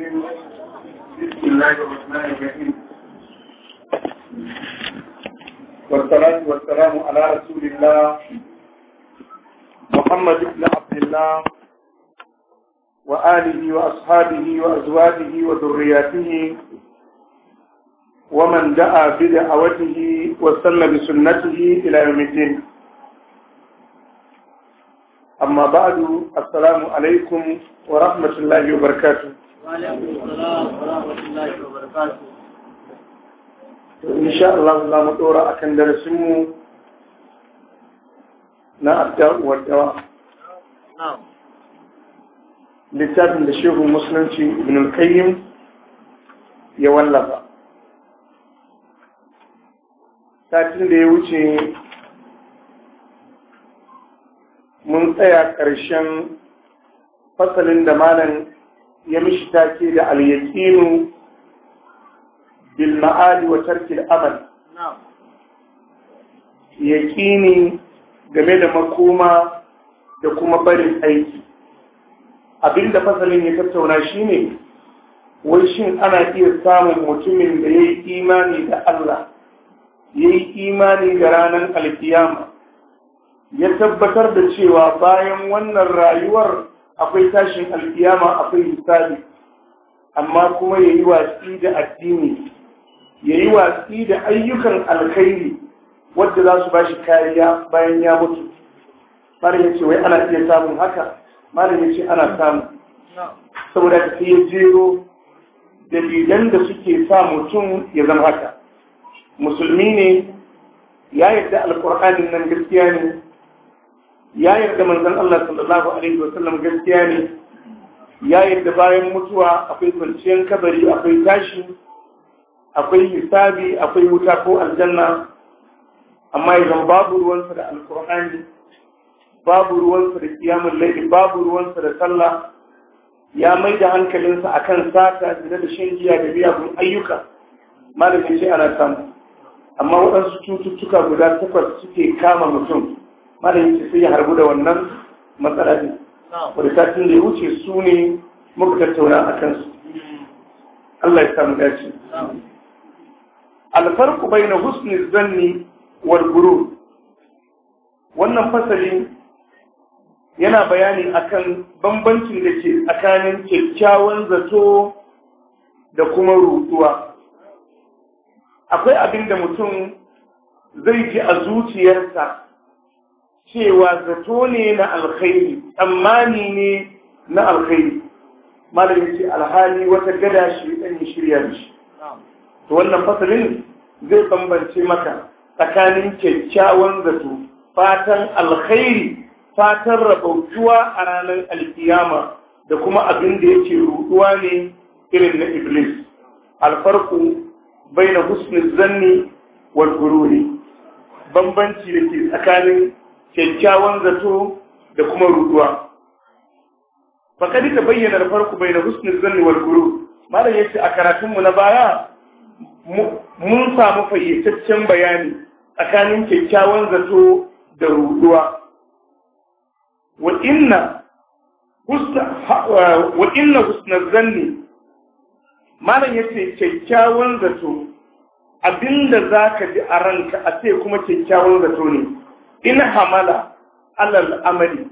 بسم الله الرحمن الرحيم والصلاة والسلام على رسول الله محمد بن عبد الله وآله وأصحابه وأزواجه وذرياته ومن دعا بدعوته وسن بسنته إلى يوم الدين أما بعد السلام عليكم ورحمة الله وبركاته to insha Allah za mu dora akan darasin mu na addu'ar dawa littafin da shehu musulunci ibn al ya wallafa satin da ya wuce mun tsaya ƙarshen fasalin da malam ya mishi take da al-yaqinu bil ma'ali wa tarki al-amal yaqini game da makoma da kuma barin aiki abinda fasalin ya tattauna shine wai shin ana iya samun mutumin da ya yi imani da Allah ya yi imani da ranar alkiyama ya tabbatar da cewa bayan wannan rayuwar akwai tashin alkiyama akwai misali amma kuma ya yi watsi da addini ya yi watsi da ayyukan alkhairi wadda za su ba shi kariya bayan ya mutu malam ya ce wai ana iya samun haka malam ya ce ana samu saboda ka sai ya jero dalilan da suke sa mutum ya zama haka musulmi ne ya yarda alkur'anin nan gaskiya ne ya yarda manzon Allah sallallahu alaihi wasallam gaskiya ne ya yarda bayan mutuwa akwai kwanciyar kabari akwai tashi akwai hisabi akwai wuta ko aljanna amma idan babu ruwansa da alkur'ani babu ruwansa da kiyamun laifin babu ruwansa da sallah ya mai da hankalinsa kan sata da da shan giya da miyagun ayyuka malamin ce ana samu amma waɗansu cututtuka guda takwas suke kama mutum malam yake sai ya harbu da wannan matsala ne wadda satin da ya wuce su ne muka tattauna a kansu Allah ya samu dace alfarku bai na husni zanni war guru wannan fasali yana bayani akan bambancin da ke tsakanin kyakkyawan zato da kuma rutuwa akwai abin da mutum zai ji a zuciyarsa cewa zato ne na alkhairi tsammani ne na alkhairi malamin ce alhali wata gada shi dan yi shirya da shi to wannan fasalin zai bambance maka tsakanin kyakkyawan zato fatan alkhairi fatan rabautuwa a ranar alkiyama da kuma abin da yake ruduwa ne irin na iblis alfarku bai na husnin zanni wal bambanci da ke tsakanin kyakkyawan zato da kuma ruduwa faƙari ta bayyana da farko bai da husnul zanni wal guru malam yace a karatunmu na baya mun samu fayyacaccen bayani tsakanin kyakkyawan zato da ruduwa wa inna husnul zanni malam yace kyakkyawan zato abinda zaka ji a ranka a sai kuma kyakkyawan zato ne in hamala alal amali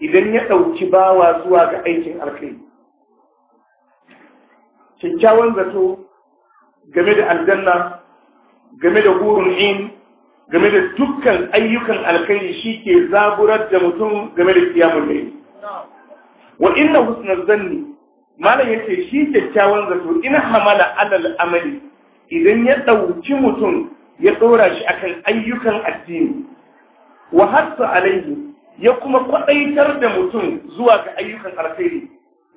idan ya ɗauki bawa zuwa ga aikin alkai kyakkyawan zato game da aljanna game da gurun in game da dukkan ayyukan alkai shi ke zaburar da mutum game da kiyamun ne wa inna husnul zanni malam yace shi kyakkyawan zato in hamala alal amali idan ya ɗauki mutum ya ɗora shi akan ayyukan addini wa hatta alaihi ya kuma kwadaitar da mutum zuwa ga ayyukan alkhairi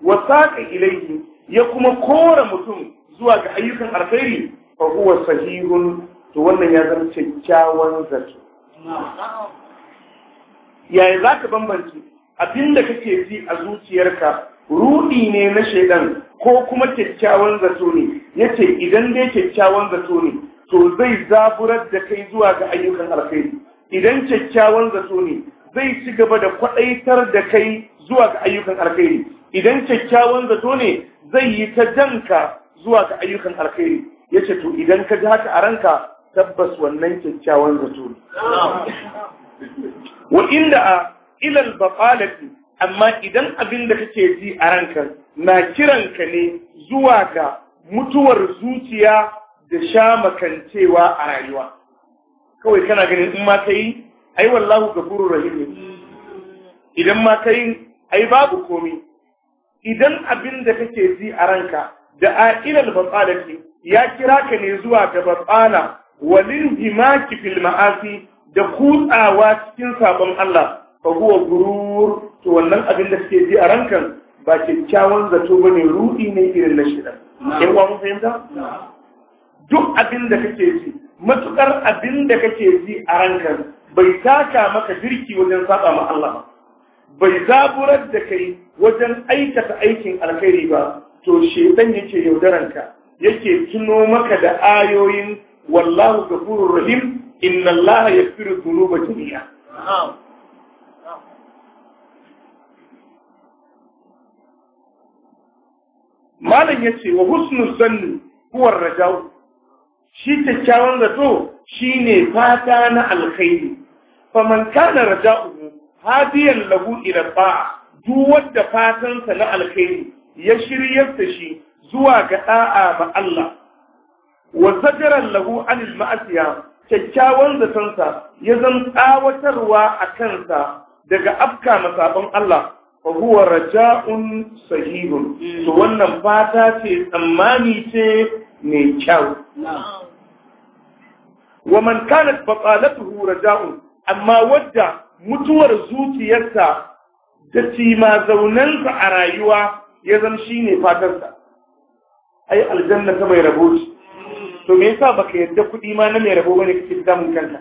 wa saqa ilaihi ya kuma kora mutum zuwa ga ayyukan alkhairi fa huwa sahihun to wannan ya zama kyakkyawan zato yaya za ka bambance abinda kake ji a zuciyarka rudi ne na shaidan ko kuma kyakkyawan zato ne yace idan dai kyakkyawan zato ne to zai zaburar da kai zuwa ga ayyukan alkhairi idan kyakkyawan zato ne zai ci gaba da kwaɗaitar da kai zuwa ga ayyukan alkhairi idan kyakkyawan zato ne zai yi ta danka zuwa ga ayyukan alkhairi ya ce to idan ka ji haka a ranka tabbas wannan kyakkyawan zato ne wa inda a ilal baqalati amma idan abin da kake ji a ranka na kiranka ne zuwa ga mutuwar zuciya da sha makancewa a rayuwa kawai kana ganin in ma ka yi ai wallahu gafurur rahim ne idan ma ka yi ai babu komi!' idan abin da kake ji a ranka da ailal batsalati ya kira ka ne zuwa ga batsala walin himaki fil ma'asi da kutsawa cikin sabon Allah fa huwa gurur to wannan abin da kake ji a rankan ba kyakkyawan zato ba ne ruɗi ne irin na shida. Yan uwa mun fahimta? Duk abin da kake ji Matuƙar abin da kake ji a ranka bai taka maka jirki wajen saba ma Allah bai zaburar da kai wajen aikata aikin alkhairi ba to shedan yake yaudaranka yake tuno maka da ayoyin wallahu ghafurur rahim inna Allah yaghfiru dhunuba jami'a malam yace wa husnul zanni huwa rajau shi kyakkyawan zato shine fata na alkhairi faman kana raja'uhu hadiyan lahu ila ba'a duk wanda fatansa na alkhairi ya shiryar da shi zuwa ga da'a ma Allah wa zajaran lahu anil ma'asiya kyakkyawan zatonsa ya zan tsawatarwa a kansa daga afka masabon Allah fa huwa raja'un sahihun to wannan fata ce tsammani ce mai kyau wa man kanat baqalatuhu raja'un amma wadda mutuwar zuciyarsa da cima zaunansa a rayuwa ya zama shine fatarsa ai aljanna ta mai rabo to me yasa baka yarda kuɗi ma na mai rabo bane kake damun kanka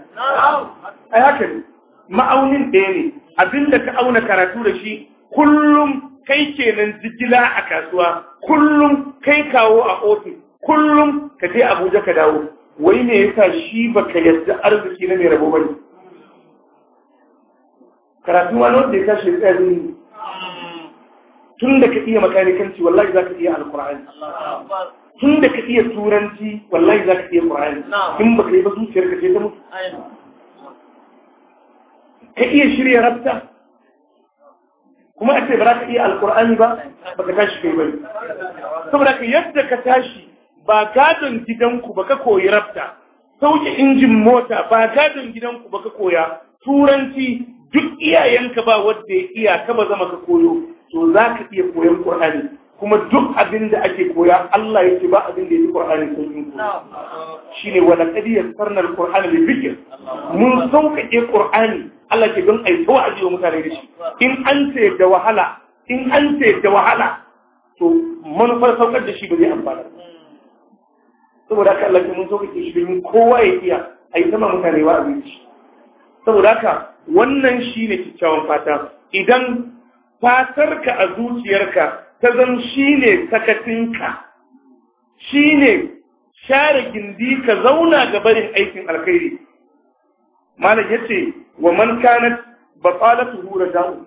ai haka ne ma'aunin ɗaya ne abinda ka auna karatu da shi kullum kai kenan jigila a kasuwa kullum kai kawo a ofis kullum ka je Abuja ka dawo wai me yasa shi baka yadda arziki na mai rabo ne? karatu wani wanda ya tashi ya ne. tun da ka iya makanikanci wallahi za ka iya alkur'ani tun da ka iya turanci wallahi za ka iya qur'ani in baka yi ba zuciyar ka ce ta mutu ka iya shirya rabta kuma a ce ba za ka iya alkur'ani ba baka tashi kai ne. saboda ka yadda ka tashi ba gadon gidanku ba ka koyi rabta. sauke injin mota ba gadon gidanku ba ka koya turanci duk iyayenka ba wadda ya iya ka ba zama ka koyo to za ka iya koyon ƙur'ani. kuma duk abin da ake koya Allah ya ce ba abin da ya fi Qur'ani sauƙin ku shine wala qad yassarna al ƙur'ani lil bikin? mun sauƙaƙe ƙur'ani. Allah ke don ai wa'azi wa mutane da shi in an ce da wahala in an ce da wahala to manufar saukar da shi ba zai amfana saboda haka Allah mun so kake shi kowa ya iya a sama mutane wa abinci saboda haka wannan shi ne fata idan fatarka a zuciyarka ta zan shi ne sakatinka shine share gindi ka zauna ga barin aikin alkhairi malam yace wa man kanat hura raja'u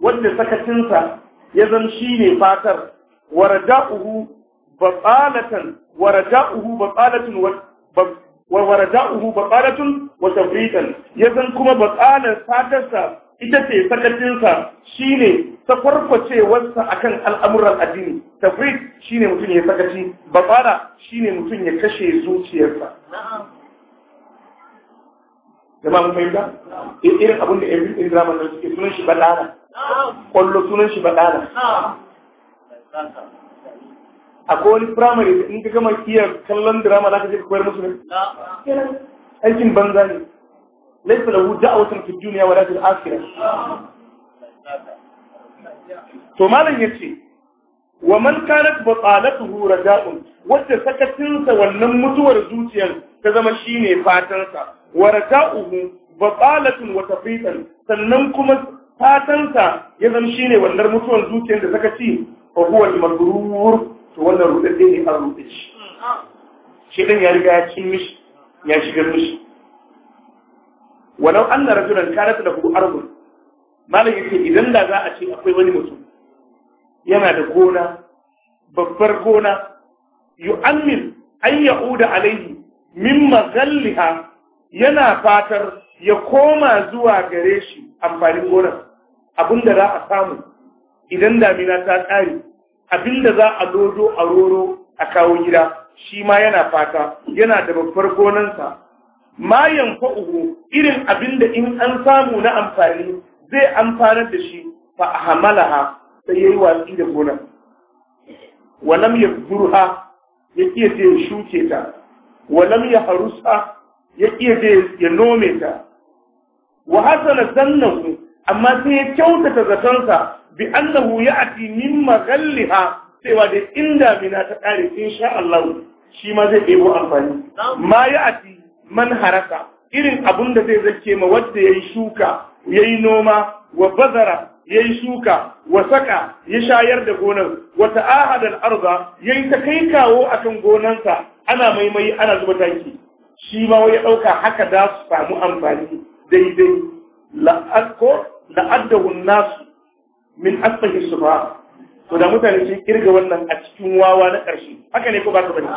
wanda sakatinsa ya zan shi fatar wa raja'uhu batsalatan wa raja'uhu batsalatan wa waraja'uhu batsalatun wa tafriqan yazan kuma batsalar fatarsa ita ce sakacinsa shine sakwarkwacewarsa akan al'amuran addini tafriq shine mutum ya sakaci batsala shine mutum ya kashe zuciyarsa jama'a mun fahimta eh, irin abin da yan bin drama da suke sunan shi badala kwallo sunan shi badala akwai wani firamare da in ka gama iya kallon drama za ka je ka koyar musu ne aikin banza ne laifin lahu da'awatan fi duniya wa lafil akhirah to malam ce, wa man kanat hura raja'un wanda sakatinsa wannan mutuwar zuciyar ta zama shi ne fatansa wa raja'uhu tsalatun wa tafitan sannan kuma fatansa ya zama ne wannan mutuwar zuciyar da sakaci fa huwa al-magrur to wannan rudadde ne an rudin shi shi ɗin ya riga ya cin mishi ya shigar mishi walau anna rajulan da lahu arbun malam yake idan da za a ce akwai wani mutum yana da gona babbar gona yu'ammin an ya'uda alaihi min mazalliha yana fatar ya koma zuwa gare shi amfanin gonar abinda za a samu idan damina ta tsari. abinda za a dodo a roro a kawo gida shi ma yana fata yana da babbar gonansa ma fauhu irin abinda in an samu na amfani zai amfanar da shi fa ahmalaha sai yayi watsi da gona. wa lam yabzurha ya iya je shuke ta wa lam harusa ya iya je ya nome ta wa hasana zannahu amma sai ya kyautata zatonsa bi annahu ya'ti min maghalliha cewa da inda mina ta kare insha Allah shi ma zai ɗebo amfani ma ya'ti man haraka irin abun da zai zake ma wanda yayi shuka yayi noma wa bazara yayi shuka wa saka ya shayar da gonar wa ta'ahadal arda yayi ta kai kawo akan gonansa ana maimai ana zuba taki shi ma wai ya dauka haka da su samu amfani daidai la'adko la'addahu nasu min asbahi sufa to da mutane sun kirga wannan a cikin wawa na ƙarshe haka ne ko ba ka bane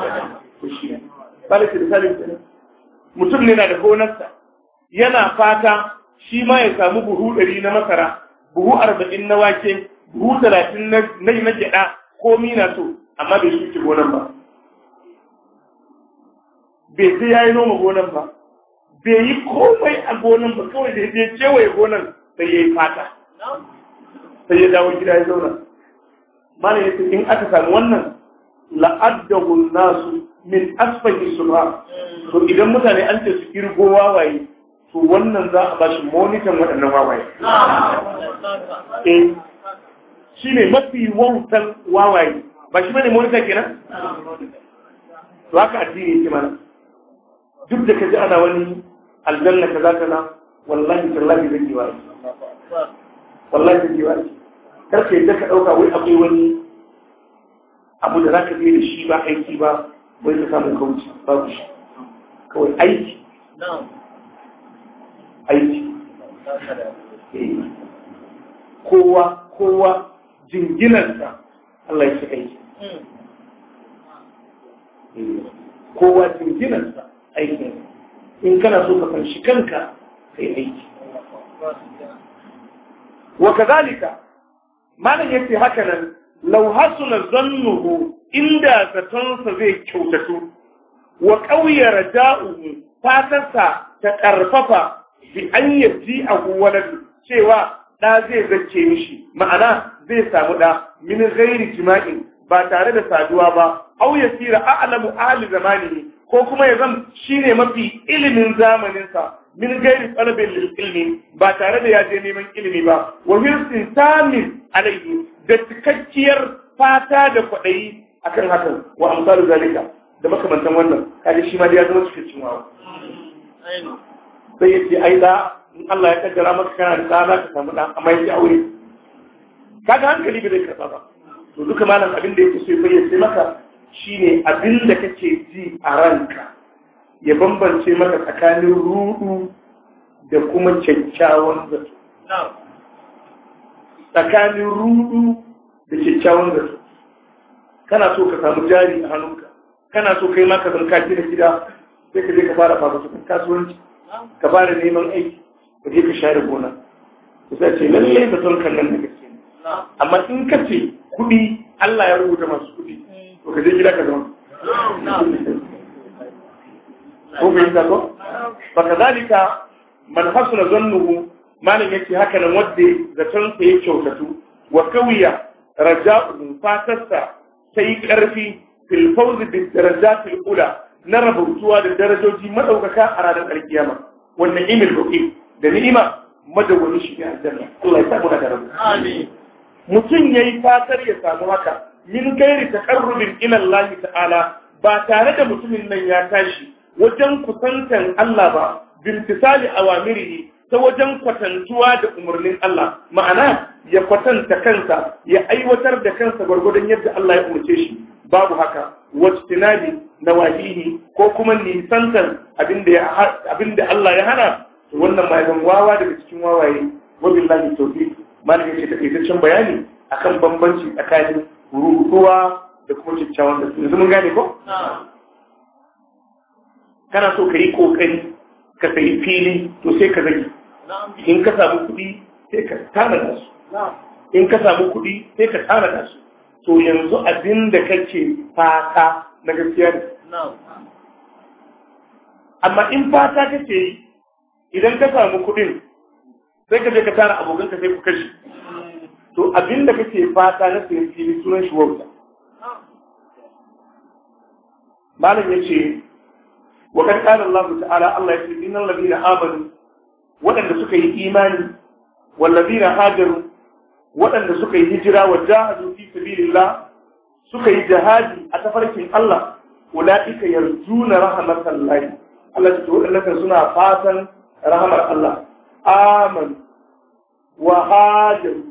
ko shi ke da ne mutum ne na da gonarsa yana fata shi ma ya samu buhu ɗari na masara buhu arba'in na wake buhu talatin na na gyaɗa ko mina so amma bai shuke gonar ba bai sai ya yi noma gonar ba bai yi komai a gonar ba kawai da ya kewaye gonar sai ya yi fata sai ya dawo gida ya zauna mana yace in aka samu wannan la'addahu nasu min asfahi ba, to idan mutane an ce su kirgo wawaye to wannan za a bashi monitan waɗannan wawaye eh ne mafi wautan wawaye ba shi bane monitor kenan to haka addini yake mana duk da ka ji ana wani aljanna ka kaza wallahi tallahi zai yi wa wallahi zai yi wa karka yadda ka ɗauka wai akwai wani abu da za ka zai da shi ba aiki ba wai ka samun kauci babu shi kawai aiki aiki eh. kowa kowa jinginarsa Allah ya ci aiki hmm. eh. kowa jinginarsa aiki in kana so ka fanshi kanka kai aiki wa kazalika malam ce haka nan law hasuna zannuhu inda zatonsa zai kyautatu wa qawya raja'uhu fatarsa ta ƙarfafa bi an yaji a waladu cewa ɗa zai zace mishi ma'ana zai samu ɗa min ghairi jima'in ba tare da saduwa ba au yasira a'lamu ahli ne. ko kuma ya shi ne mafi ilimin zamaninsa min gairi talabin ilmi ba tare da ya je neman ilimi ba wa wilson samin alaihi da cikakkiyar fata da kwaɗayi akan hakan wa amsalu zalika da makamantan wannan kaga shi ma da ya zama cikakken wawa sai yace ai da in Allah ya kaddara maka kana da tsara ka samu dan amma yake aure kaga hankali bai zai karba ba to duka malam abin da yake so ya bayyana maka Shi ne abin da kake ji a ranka ya bambance maka tsakanin ruɗu da kuma kyakkyawan zato tsakanin ruɗu da kyakkyawan zato kana so ka samu jari a hannunka kana so kai ma zan zanka da gida sai ka je ka fara fafatukun kasuwanci ka fara neman aiki ka je ka share gona ku sai ce lallai son kan nan da gaske amma in ka ce kuɗi Allah ya rubuta masu kuɗi to ka je gida ka ko ka yi ta ba ka zalika man zannu zannuhu malam yace haka nan wanda zaton sa ya kyautatu wa kawiya raja'u fatarsa sai karfi fil fawz bi darajatil ula na rabautuwa da darajoji madaukaka a ranar wannan da shiga Allah ya mutum yayi fatar ya samu haka min gairi taqarrubin ila Allah ta'ala ba tare da mutumin nan ya tashi wajen kusantan Allah ba bintisali awamirihi ta wajen kwatantuwa da umarnin Allah ma'ana ya kwatanta kansa ya aiwatar da kansa gwargwadon yadda Allah ya umarce shi babu haka na nawahihi ko kuma abin da Allah ya hana wannan ma wawa daga cikin wawaye wabin tawfiq malamin ce ta bayani akan bambanci tsakanin rutuwa da kuma kyakkyawan da yanzu mun gane ko kana so ka yi kokari ka sayi fili to sai ka zagi in ka samu kuɗi sai ka tanada su in ka samu kuɗi sai ka tanada su to yanzu abin da kake fata na gaskiya ne amma in fata kake yi idan ka samu kuɗin sai ka je ka tara abokanka sai ku kashe to abin da kake fata na sayan fili sunan shi wauta malam ya ce wa kan Allah ta'ala Allah ya ce innal ladina amanu waɗanda suka yi imani wa ladina hajaru waɗanda suka yi hijira wa jahadu fi sabilillah suka yi jihadi a tafarkin Allah ulaika yarjuna rahmatallahi Allah ta waɗanda kan suna fatan rahmar Allah aman wa hajaru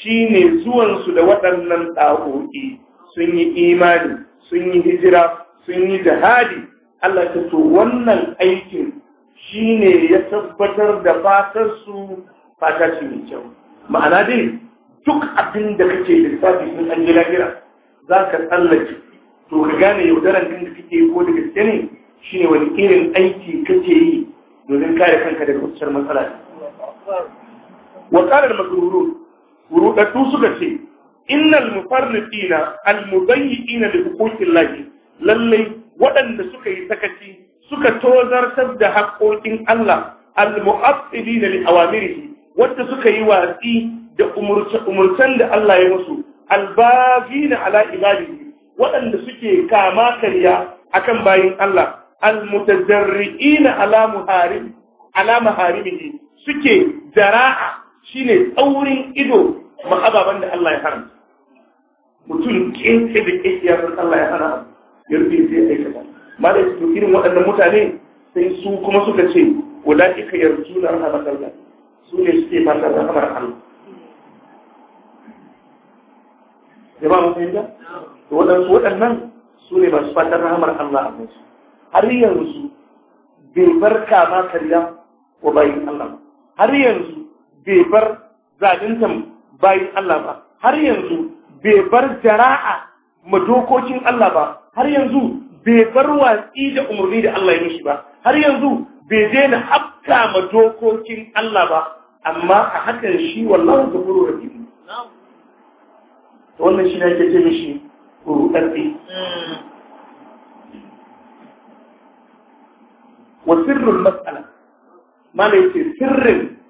shine zuwansu da waɗannan ɗaƙoƙi sun yi imani sun yi hijira sun yi jihadi Allah ta to wannan aikin shine ya tabbatar da fatarsu fata ce mai kyau ma'ana dai duk abin da kake lissafi sun an ji lahira za ka tsallake to ka gane yaudaran kan da kake ko ko da gaske ne shine wani irin aiki kake yi domin kare kanka daga wucewar matsala wa qala rudaddu suka ce innal mufarriqina al da li lahi lalle waɗanda suka yi sakaci suka tozartar da haƙoƙin Allah al mu'affidina li awamirihi wanda suka yi watsi da umurtan da Allah ya musu albafina ala ibadihi waɗanda suke kama karya akan bayin Allah almutajarri'ina ala muharib ala maharimihi suke jara'a shine tsaurin ido ma ababen da Allah ya haramta mutum kinsa da da Allah ya hana ya rufe sai aikata malai su irin waɗannan mutane sai su kuma suka ce wala ika yarju na rahama Allah su ne suke fata rahamar Allah jama'a mun fahimta da waɗansu waɗannan su ne masu fatan rahamar Allah a kansu har yanzu bai barka ma kariya wa bayin Allah har yanzu bai bar zalintan bayin Allah ba har yanzu bai bar jara'a ma dokokin Allah ba har yanzu bai bar watsi da umarni da Allah ya mishi ba har yanzu bai daina hafta ma dokokin Allah ba amma a hakan shi wallahi gafuru rahim wannan shi ne ke ce mishi rudarri wa sirrin matsala. mala yake sirrin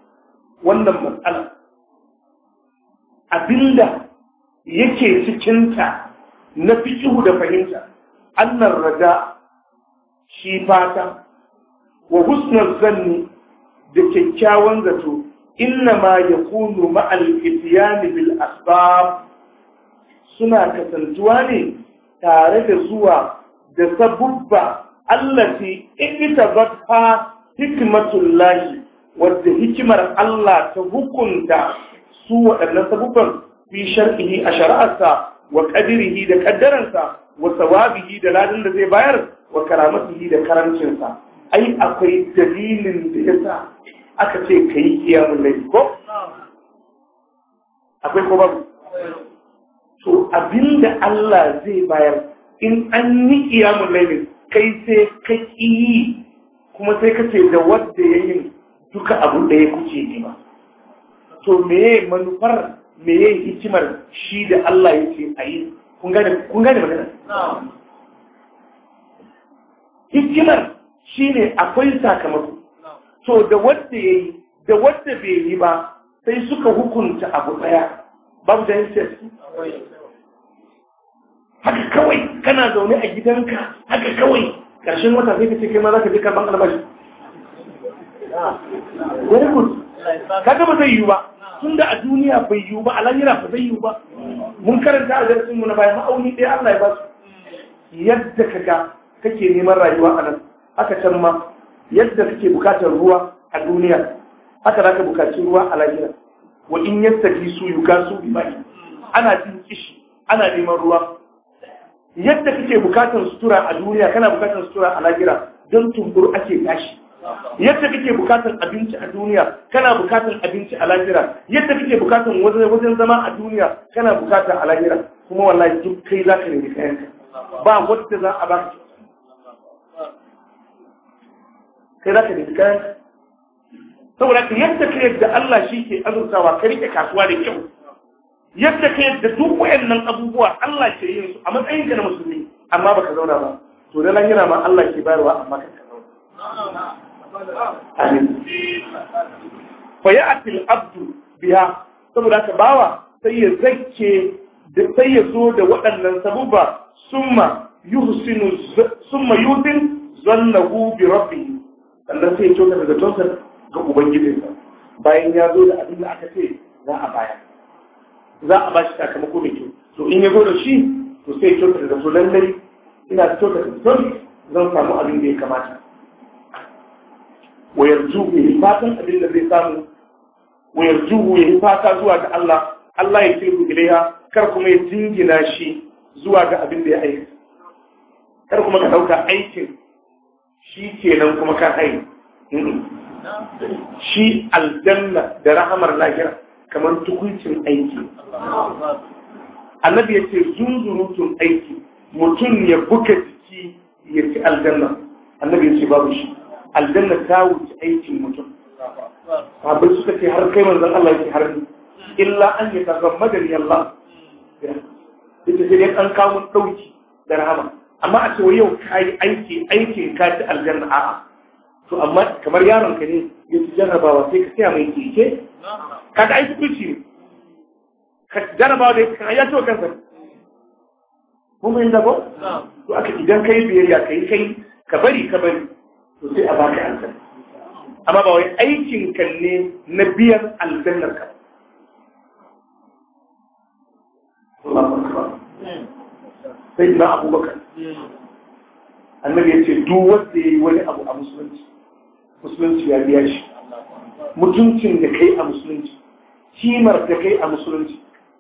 wannan matsala abinda yake cikinta na fikihu da fahimta annar raja shi fata wa husnar zanni da kyakkyawan zato inna ma ya kunu ma'al bil asbab suna kasantuwa ne tare da zuwa da sabubba allati in ita hikmatullahi wadda hikimar Allah ta hukunta su waɗannan sabubban fi shar'ihi a shari'arsa wa ƙadirihi da kaddaransa wa sawabihi da ladin da zai bayar wa karamatihi da karancinsa ai akwai dalilin da yasa aka ce kai kiyamun laifi ko akwai ko babu to abinda Allah zai bayar in an yi kiyamun laifin kai sai ka yi kuma sai ka ce da wadda ya yi duka abu ɗaya ya kuke nema to meye manufar meye hikimar shi da Allah ya ce a yi kun gane magana hikimar shi ne akwai sakamako to da wadda ya yi da wadda bai yi ba sai suka hukunta abu ɗaya, babu da yanke haka kawai kana zaune a gidanka haka kawai ƙarshen wata sai ka ce kai ma za ka je karɓar albashi very good kaga ba zai yiwu ba tun da a duniya bai yiwu ba a lahira ba zai yiwu ba mun karanta a darasin mu na bayan ma'auni ɗaya Allah ya ba su yadda ga kake neman rayuwa a nan haka can ma yadda kake bukatar ruwa a duniya haka ka bukaci ruwa a lahira wa in yattaki su bi mai ana jin kishi ana neman ruwa yadda kake bukatar sutura a duniya kana bukatar sutura a lahira don tumbur ake tashi yadda kake bukatar abinci a duniya kana bukatar abinci a lahira yadda kake bukatar wajen zama a duniya kana bukatar a lahira kuma wallahi duk kai za ka nemi kayanka ba wadda za a baka kai za ka nemi kayanka saboda ka yadda ka yadda Allah shi ke azurtawa ka rike kasuwa da kyau yadda ka yadda duk wayannan abubuwa Allah ke yin su a matsayin ka na musulmi amma baka zauna ba to da lahira ma Allah ke bayarwa amma ka zauna amin fa a al-abdu biya saboda haka bawa sai ya zake da sai ya zo da waɗannan sabuba summa yuhsinu summa gube Rabi. bi rabbihi sannan sai ya kyauta daga tonsa ga ubangijinsa bayan ya zo da abin da aka ce za a baya za a bashi sakamako mai kyau to in ya zo da shi to sai ya kyauta daga to lallai ina kyauta da zan samu abin da ya kamata wa yarju ya fatan abin da zai samu wa yarju ya fata zuwa ga Allah Allah ya tilku ilaiha kar kuma ya jingina shi zuwa ga abin da ya aika kar kuma ka dauka aikin shi kenan kuma ka haini shi aljanna da rahamar lahira kamar tukuncin aiki annabi ya ce zunzurutun aiki mutum ya buka jiki ya ci aljanna annabi ya ce babu shi aljanna ta wuce aikin mutum sahabbai suka ce har kai manzan Allah yake har illa an yi tagammada madari Allah ita sai dai an kawo ɗauki da rahama amma a ce yau yi aiki aikin ka ci aljanna a'a to amma kamar yaron ka ne ya ci jarrabawa sai ka siya mai keke ka ga aiki tuci ne ka jarrabawa da ya ya wa kansa mun bayin da ba to aka idan ka yi biyayya ka yi kai ka bari ka bari to sai a baka aljanna amma ba wai aikin kan ne na biyan aljannar ka sai na abubakar annabi ya ce duk wanda ya yi wani abu a musulunci musulunci ya biya shi mutuncin da kai a musulunci kimar da kai a musulunci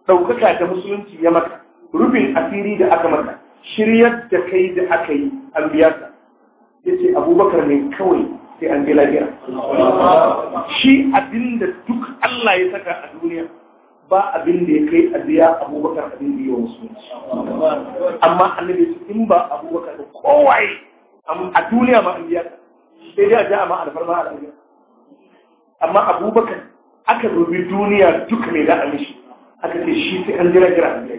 ɗaukaka da musulunci ya maka rufin asiri da aka maka shiryar da kai da aka yi an biya ya ce abubakar ne kawai sai an ji lafiya shi abinda duk Allah ya saka a duniya ba abin da ya kai a biya abubakar abin da yi wa musulunci amma annabi su in ba abubakar da kowaye a duniya ma an biya sai dai a ja ma alfarma a duniya amma abubakar aka dubi duniya duka ne da amishi aka ce shi sai an jira jira a biya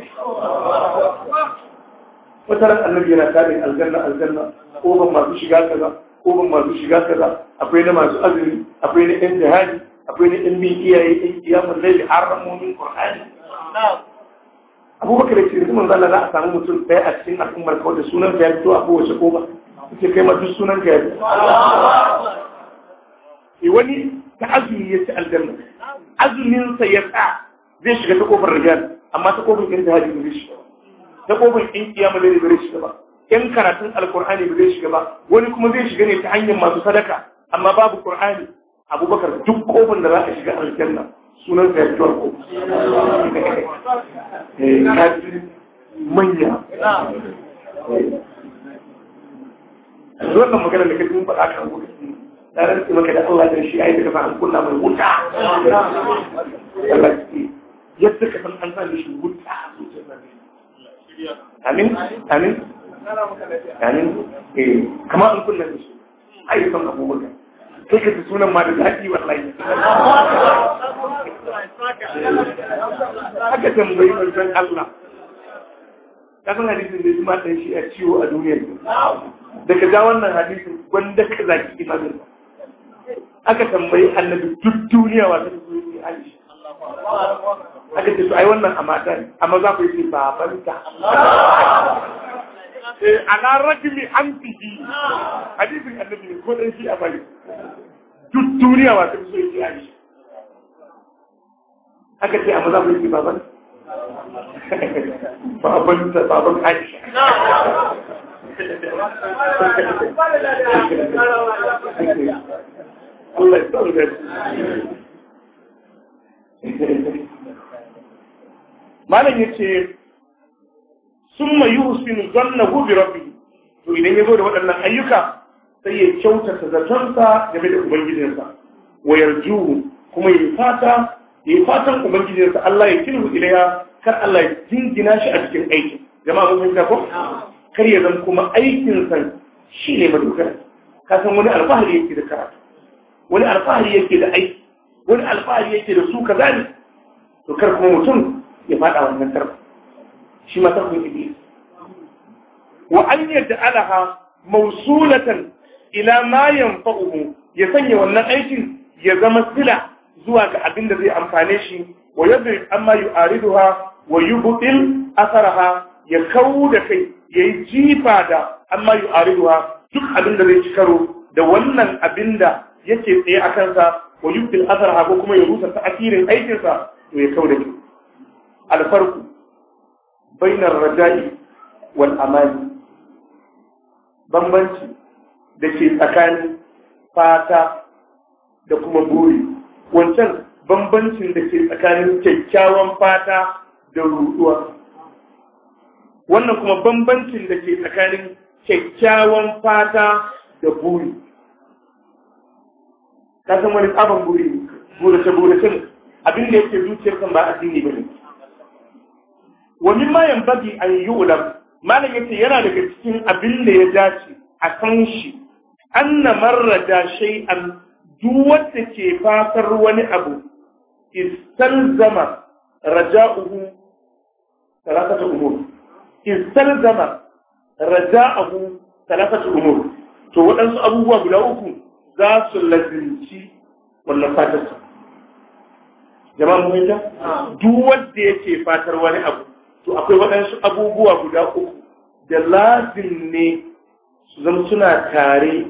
wata ran annabi yana tarin aljanna aljanna ko ban masu shiga kaza ko ban masu shiga kaza akwai na masu azumi akwai na yan jihadi akwai na yan bin iyaye yan kiyamun laili har ramomin qur'ani abubakar ya ce da manzo Allah za a samu mutum ɗaya a cikin al'ummar kawai da sunan ya fito a kowace koba ce kai ma duk sunan ka ya fito e wani ta azumi ya ci aljanna azumin sa ya tsa zai shiga ta kofar rijal amma ta kofar kin jihadi ne shi dabbobin in kiyama ne ba zai shiga ba Yan karatun alkur'ani bai shiga ba wani kuma zai shiga ne ta hanyar masu sadaka amma babu qur'ani abubakar duk kofin da za a shiga aljanna sunan sa yajuwar ko eh, manya wannan magana da kake mun faɗa kan gobe na rantsi maka da Allah da shi ayi da kafa an kunna mai wuta Allah ya yadda ka san an sa shi wuta a zuciyar nan amin amin amin eh kamar an kunna shi su ayyukan abubuwa sai ka ji sunan ma da zafi wallahi haka eh, tambayi manzon Allah kasan hadisin da su matan shi a ciwo a duniyar da ka ja wannan hadisin wanda ka zaki imanin aka tambayi annabi duk duniya wata duniya aisha aka ce su ai wannan a matan amma za ku yi ba babanta eh, ana rajmi amtihi hadisi annabi ko dan shi a bari duk duniya ba ta so yi a shi aka ce amma za ku yi ba ba banta ba ban ai Allah ya tsare malam ya ce sun mayu husinu zanna hubi rabbi to idan ya zo da waɗannan ayyuka sai ya kyautata zatonsa game da ubangijinsa Wayar juhu kuma ya fata ya fatan ubangijinsa Allah ya kilhu ilaya kar Allah ya jingina shi a cikin aikin jama'a mun fahimta ko kar ya zama kuma aikin sa shine madogara ka san wani alfahari yake da karatu wani alfahari yake da aiki wani alfahari yake da su kaza ne to kar kuma mutum ya faɗa wannan tarko shi ma tarko iblis wa an alaha mawsulatan ila ma yanfa'uhu ya sanya wannan aikin ya zama sila zuwa ga abin da zai amfane shi wa yadda amma yu'ariduha wa yubtil asaraha ya kawo da kai yayi jifa da amma yu'ariduha duk abin da zai ci karo da wannan abin da yake tsaye a kansa wa yubtil asaraha ko kuma ya rusa ta asirin aikinsa to ya kawo da kai alfarku bainar raja'i wal amani bambanci da ke tsakanin fata da kuma buri wancan bambancin da ke tsakanin kyakkyawan fata da rutuwa wannan kuma bambancin da ke tsakanin kyakkyawan fata da buri ka san wani tsabon buri ne burace burace abin da yake zuciyar kan ba addini ba ne Wani wa mimma yanbaghi an yu'lam malam yace yana daga cikin abin da ya dace a san shi anna marrada shay'an duk wanda ke fatar wani abu istalzama raja'uhu salatatu umur istalzama raja'uhu salatatu umur to waɗansu abubuwa guda uku za su lazinci wannan fatarsa jama'a mun duk wanda ke fatar wani abu to akwai waɗansu abubuwa guda uku da lazim ne su zama suna tare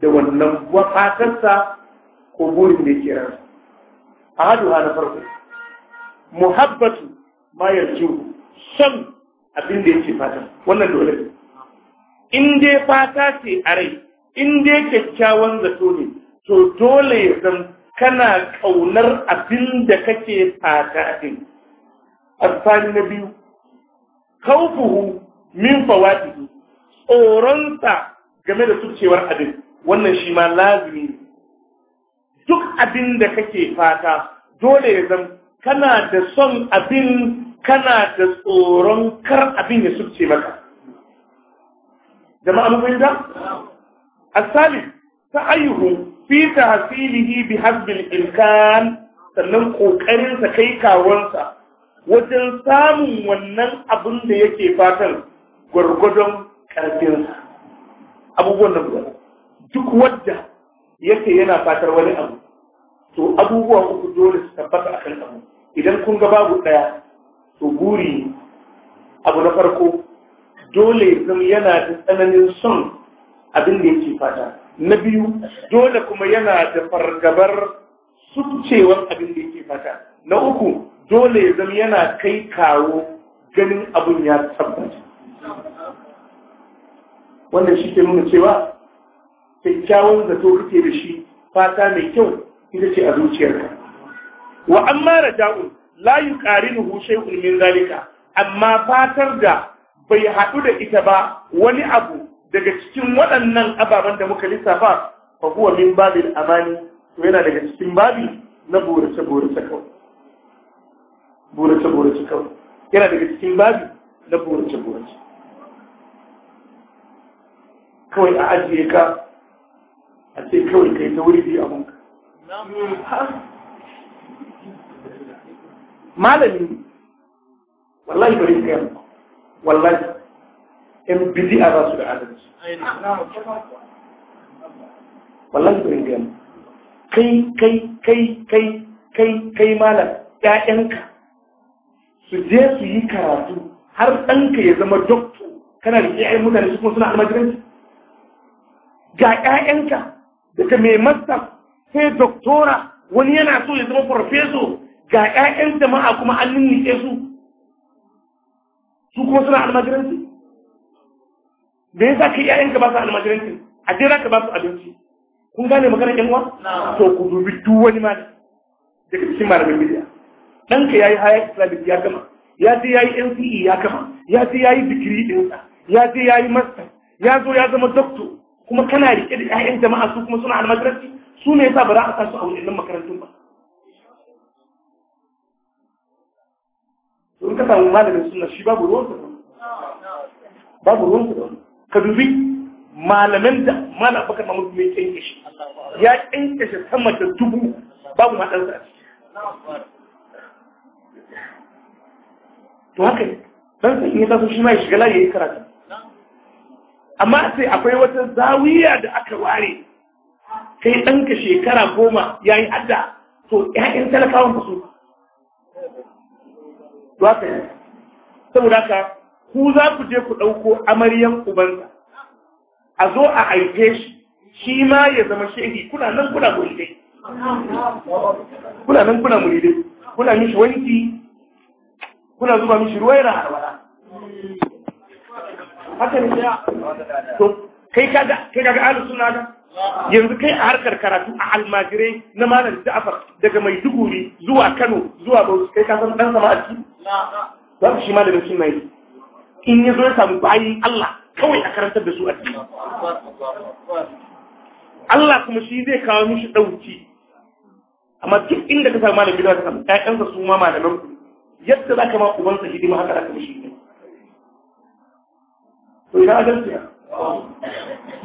da wannan fatarsa ko burin da yake ran a hadu na farko muhabbatu ma yarju son abin da yake fata wannan dole ne in dai fata ce a rai in dai kyakkyawan zato ne to dole ya san kana kaunar abin da kake fata din asali na biyu Kaufuhu min fawatihi tsoronsa game da sucewar abin wannan shi ma lazimi duk abin da kake fata dole ya zama kana da son abin kana da tsoron kar abin ya suke maka jama'a mun fahimta asali ta ayyuhu fi tahsilihi bi hasbil imkan sannan kokarin kai kawansa wajen samun wannan abin da yake fatan gwargwadon ƙarfinsa abubuwan nan duk wadda yake yana fatar wani abu to abubuwa uku dole su tabbata a kan abu idan kun ga babu ɗaya to buri abu na farko dole zan yana da tsananin son abin da yake fata na biyu dole kuma yana da fargabar sucewar abin da yake fata na uku dole ya yana kai kawo ganin abin ya tabbata wannan shi ke nuna cewa kyakkyawan zato kake da shi fata mai kyau ita ce a zuciyarka wa amma ja'un layin ƙarinu hushe ulmin zalika amma fatar da bai haɗu da ita ba wani abu daga cikin waɗannan ababen da muka lissafa fa huwa min babin amani to yana daga cikin babi na burace burace kawai بورچ بورچ کو کرا دے سین باج نہ بورچ بورچ کوئی اجی کا اتے کوئی کہ تو ری دی امون مالن والله بری کے والله ام بی دی ا رسول عدد والله بری کے kai kai kai kai kai kai malam ya'yanka su je su yi karatu har ɗanka ya zama doktor kana da iyayen mutane su kuma suna almajiranci ga ƴaƴanka daga mai masta sai doktora wani yana so ya zama farfeso ga ƴaƴan jama'a kuma an ninnike su su kuma suna almajiranci da yasa ka ƴaƴanka ba su almajiranci a jera ka ba su abinci kun gane maganar ƴan uwa to ku dubi duk wani ma daga cikin malamin bidiya ɗanka ya yi haya islamic ya gama ya je ya yi nce ya gama ya je ya yi digiri ɗinsa ya je ya yi master ya zo ya zama doctor kuma kana riƙe da 'ya'yan jama'a su kuma suna almajiranci su ne yasa ba za a sa su a ɗan makarantun ba Sun ka samu malamin suna shi babu ruwansa da babu ruwansa da ka dubi malamin da malam bakar mamu mai kyanke shi ya kyanke sama da dubu babu ma ɗansa a ciki to haka ne san in yi taso shi ma ya shiga layi yayi karatu amma sai akwai wata zawiya da aka ware kai ɗanka shekara goma ya yi adda to ‘ya'yan talakawan ba su haka yi saboda haka ku za ku je ku ɗauko amaryan ubansa a zo a aike shi shi ma ya zama shehi kuna nan kuna muridai kuna nan kuna muridai kuna mishi wanki kuna zuba mishi ruwa yana harwara haka ne ya to kai kaga kai kaga ahlus sunna ga yanzu kai a harkar karatu a almajire na malam Ja'far daga Maiduguri zuwa Kano zuwa Bauchi kai ka san dan sama a ciki babu shi malamin sunna yi in ya zo ya samu bayi Allah kawai a karantar da su a ciki Allah kuma shi zai kawo mishi dauki amma duk inda ka samu malamin bid'a ka samu ƴaƴansa su ma malaman yadda za ka ma ubansa hidima haka za mishi hidima to ina adalciya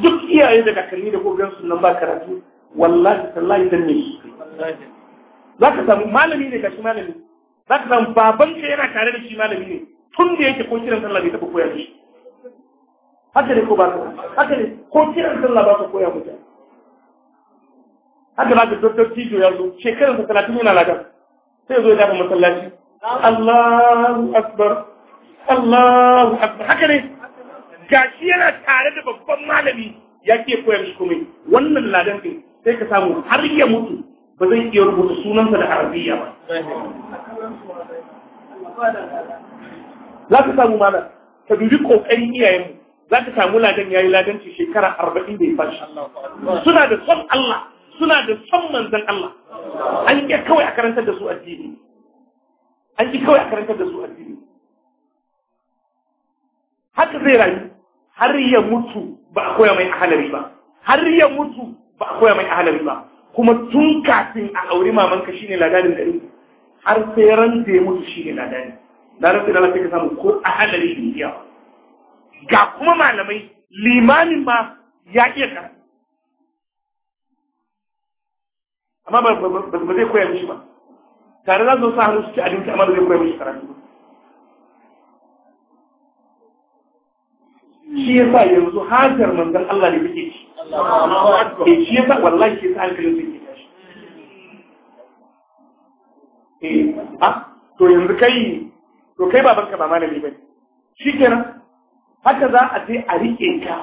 duk iyaye da kakanni da gogon su nan ba karatu wallahi tallahi dan ne za ka samu malami ne ga shi malami za ka samu baban ka yana tare da shi malami ne tun da yake ko kiran sallah bai taɓa koya shi haka ne ko ba ka haka ne ko kiran sallah ba ka koya mutum. haka ba ka doktor tijo ya zo shekarar sa talatin yana lagar. sai zo ya dafa masallaci Allahu akbar Allahu akbar haka ne gashi yana tare da babban malami ya ke koyar shi kuma wannan ladan din sai ka samu har ya mutu ba zai iya rubuta sunansa da arabiya ba za ka samu malam ka dubi kokarin iyayenmu za ka samu ladan yayi ladanci shekara arba'in da ya fashi suna da son Allah suna da son manzon Allah an iya kawai a karantar da su addini an ji kawai a karantar da su addini haka zai rayu har ya mutu ba a koya mai ahalari ba har ya mutu ba a koya mai ahalari ba kuma tun kafin a auri mamanka shine ladanin ɗari har sai ran da ya mutu shine ladani na rantsa da sai ka samu ko ahalari ne iya ga kuma malamai limamin ma ya iya karatu amma ba zai koya mishi ba tare za su sa hannu su ci abinci amma da zai koya mishi karatu shi ya sa yanzu hajar manzan Allah ne muke ci eh shi ya sa wallahi shi ya sa hankalin su ke tashi eh ah to yanzu kai to kai babanka ba malami bane shikenan haka za a je a rike ka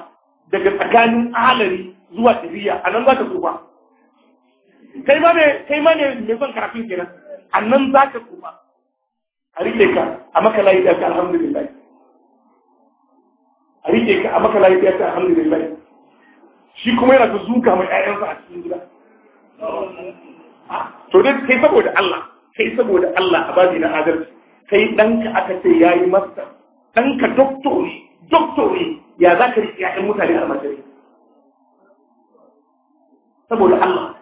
daga tsakanin alari zuwa tafiya a nan za ka tsufa kai ma ne kai ma ne mai son karatu kenan annan za ka koma a rike ka a maka layi da alhamdulillahi a rike ka a maka layi da alhamdulillahi shi kuma yana ta zuka mai ƴaƴansa a cikin gida to dai kai saboda Allah kai saboda Allah a bazi na adalci kai ɗanka aka ce ya yi masta ɗanka doktori doktori ya za ka riƙe ƴaƴan mutane a majari saboda Allah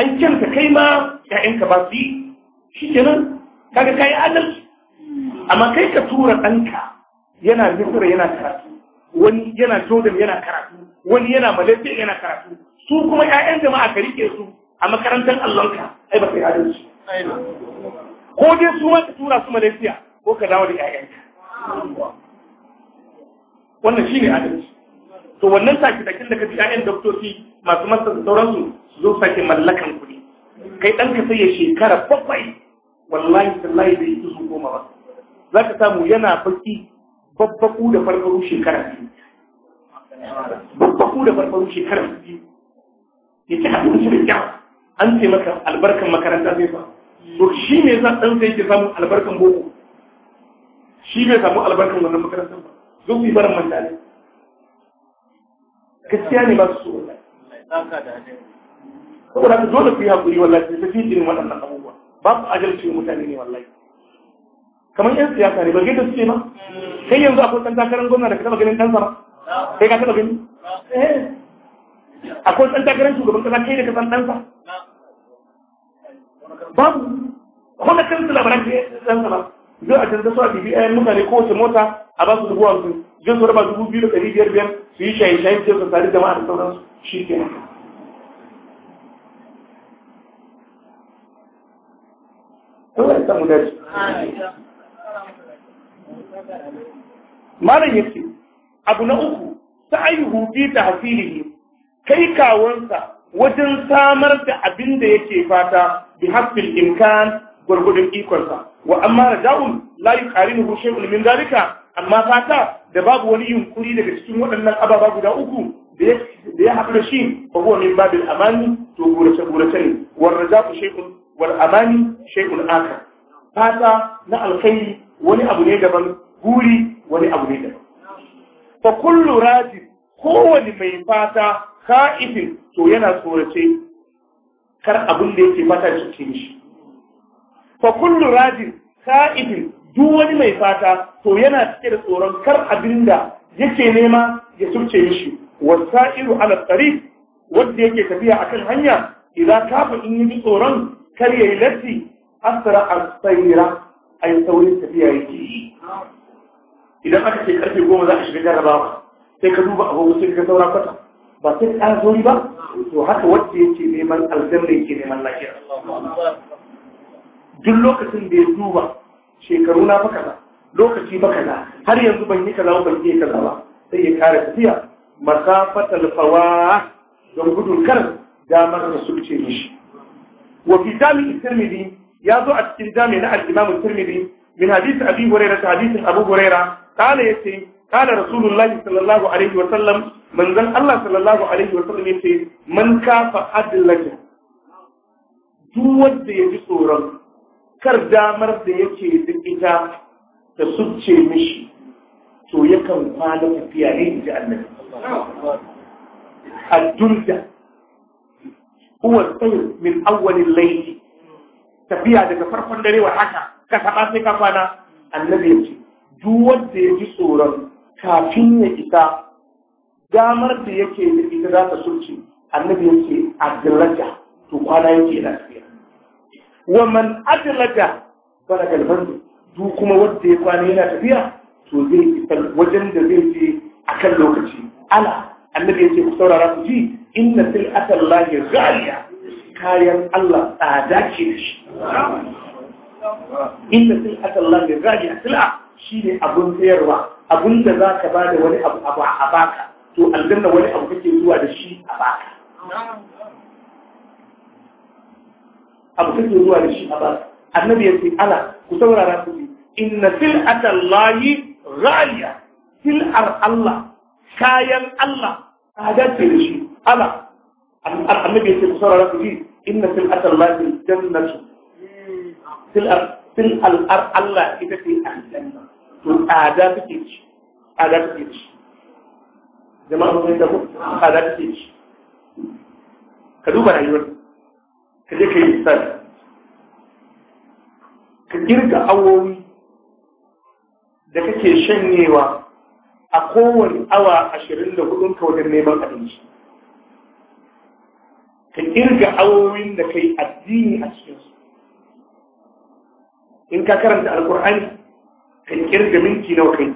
an kyanta kai ma ƴaƴanka ba su yi shi kenan kaga kayi adalci amma kai ka tura ɗanka yana misira yana karatu wani yana jordan yana karatu wani yana malaysia yana karatu su kuma 'ya'yan jama'a ka rike su a makarantar allonka ai ba kai adalci ko dai su ma ka tura su malaysia ko ka dawo da ka. wannan shine adalci to wannan sake dakin da ka ji 'ya'yan doktoci masu masa da sauransu su zo sake mallakan kuɗi kai ɗanka sai ya shekara bakwai wallahi tallahi bai yi sun koma ba za ka samu yana baki babbaku da farfaru shekara biyu babbaku da farfaru shekara biyu ya ci abinci da kyau an ce maka albarkan makaranta zai samu to shi ne za ɗan sai ke samun albarkan boko shi bai samu albarkan wannan makaranta ba zo ku yi barin manta ne gaskiya ne ba su so wallahi saboda ka dole ku yi hakuri wallahi sai fi irin waɗannan abubuwa babu adalci mutane ne wallahi kamar yan siyasa ne ba gidan su ce ba sai yanzu akwai ɗan takarar gwamna da ka taɓa ganin ɗansa ba sai ka taɓa gani akwai ɗan takarar shugaban kasa kai da ka san ɗansa babu ko kan su labaran da ɗansa ba zai a canza su a bibi ayan mutane kowace mota a ba su dubu hamsin zai su raba dubu biyu da ɗari biyar biyar su yi shaye-shaye su tare jama'a da sauransu shi kenan Allah ya malam yace abu na uku sa'ayuhu bi tahsilihi kai kawansa wajen samar da abin da yake fata bi haqqil imkan gurgudun ikonsa wa amma raja'un la yuqarinuhu shay'un min zarika amma fata da babu wani yunkuri daga cikin waɗannan ababa guda uku da ya haɗu da shi fa huwa min amani to gurace gurace ne war raja'u shay'un wal amani shay'un akhar fata na alkhairi wani abu ne daban guri wani abu ne daban fa kullu rajin kowane mai fata kha'ifin to yana tsorace kar abin da yake fata ya shi. mishi fa kullu rajin kha'ifin duk wani mai fata to yana cike da tsoron kar abin da yake nema ya cuce mishi wasa'iru ala tsari wanda yake tafiya akan hanya idan kafa in yi tsoron kar lati latti asra al-sayra ay saurin tafiya yake yi idan aka ce karfe goma za a shiga jarrabawa sai ka duba abu sai ka saura kwata ba sai ka zori ba to haka wacce yake neman aljanna yake neman lafiya duk lokacin da ya duba shekaru na baka kaza lokaci baka kaza har yanzu ban yi kaza ban yi kaza ba sai ya kare tafiya masafatal fawa don gudun kar damar da su ce mishi وفي جامع الترمذي يازو أتكين جامعنا الإمام الترمذي من حديث أبي هريرة حديث أبو هريرة قال يسي قال رسول الله صلى الله عليه وسلم من ذن الله صلى الله عليه وسلم يسي من كاف عدلك دوت da ya ji tsoron kar damar da yake duk ita ta subce mishi to yakan kwana tafiya huwa tsayin min awwalin laifi tafiya daga farkon dare wa haka ka saba sai ka kwana annabi ya ce duk wanda ya ji tsoron kafin ya isa damar da yake da ita za ta sulce annabi ya ce adlaja to kwana yake yana tafiya wa man adraja balaga albandu duk kuma wanda ya kwana yana tafiya to zai isa wajen da zai je akan lokaci ala annabi ya ce ku saurara ku ji inna sai atallahi ghaliya kayan Allah tsada ce da shi inna sai atallahi ghaliya sil'a shine abun sayarwa abun da za zaka bada wani abu a baka to aljanna wani abu kake zuwa da shi a baka abu kake zuwa da shi a baka annabi ya ce ana ku saurara ku inna sil'atallahi ghaliya sil'ar Allah kayan Allah tsada ce da shi ana annabi ya ce ku saurara ku ji inna fil asal lafi jannatu fil al'ar Allah ita ce aljanna to tsada take ci tsada take ci jama'a mun da ku tsada take ci ka duba rayuwar ka je ka yi ka kirga awowi da kake shanyewa a kowane awa ashirin da hudun ka wajen neman abinci ka kirga awowin da kai addini a cikinsu in ka karanta alkur'ani ka kirga minti nawa kai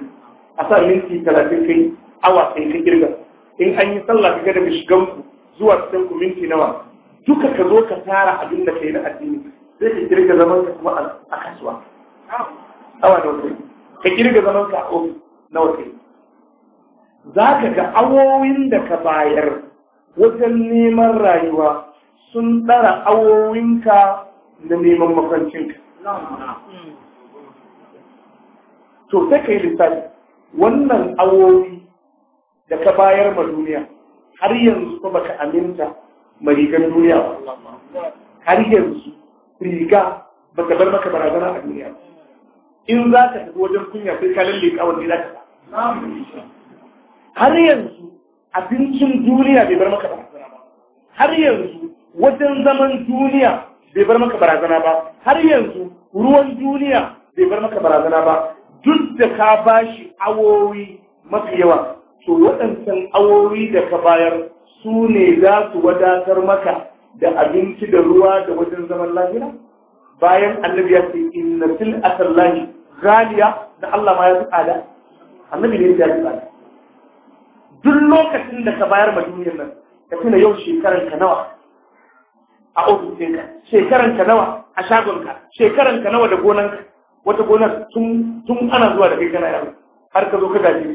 a sa minti talatin kai awa kai ka kirga in an yi sallah ka gada mishigan ku zuwa cikin ku minti nawa duka ka zo ka tara abin da kai na addini sai ka kirga zaman ka kuma a kasuwa awa nawa kai ka kirga zaman ka a ofis nawa kai za ka ga awowin da ka bayar wajen neman rayuwa sun ɗara awowinka da neman mafarkinka. To sai ka yi lissafi, wannan awowi da ka bayar ma duniya, har yanzu ba baka aminta ma duniya ba. Har yanzu riga ba ta bar maka barazana a duniya ba. In za ka tafi wajen kunya sai ka lalle kawai ne za ka Har yanzu abincin duniya bai bar maka barazana ba har yanzu wajen zaman duniya bai bar maka barazana ba har yanzu ruwan duniya bai bar maka barazana ba duk da ka bashi awowi mafi yawa to waɗancan awowi da ka bayar su ne za su wadatar maka da abinci da ruwa da wajen zaman lafiya bayan annabi ya ce inna fil asallahi ghaliya da Allah ma ya tsada annabi ne ya tsada duk lokacin da ka bayar ma duniyar nan ka tuna yau shekaran ka nawa a ofisinka shekaran ka nawa a shagon ka? shekaran ka nawa da ka wata gonar tun ana zuwa da kai kana yaro har ka zo ka gaji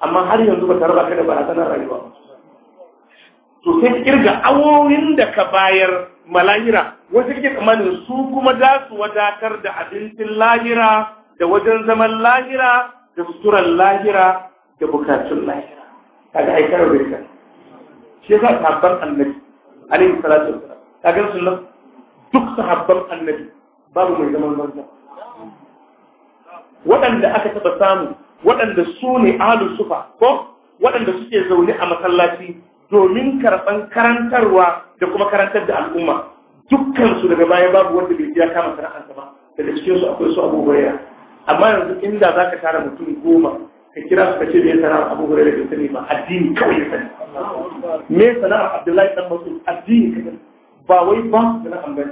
amma har yanzu ba ta raba ka da barazanar rayuwa to sai kirga awowin da ka bayar ma lahira wasu kike tsammanin su kuma za su wadatar da abincin lahira da wajen zaman lahira da suturan lahira da bukatun lahira kaga ai karo da ita shi yasa sahabban annabi alayhi salatu wasalam kaga sunan duk sahabban annabi babu mai zaman banza waɗanda aka taɓa samu waɗanda su ne alu sufa ko waɗanda suke zaune a masallaci domin karɓan karantarwa da kuma karantar da al'umma dukkansu daga baya babu wanda bai ya kama sana'arsa ba daga cikinsu akwai su abubuwa amma yanzu inda za ka tara mutum goma ka kira su ka ce me sana'ar abu hurairu bai sani ba addini kawai ya sani me sana'ar abdullahi dan mas'ud addini kawai ba wai ba su sana'ar ba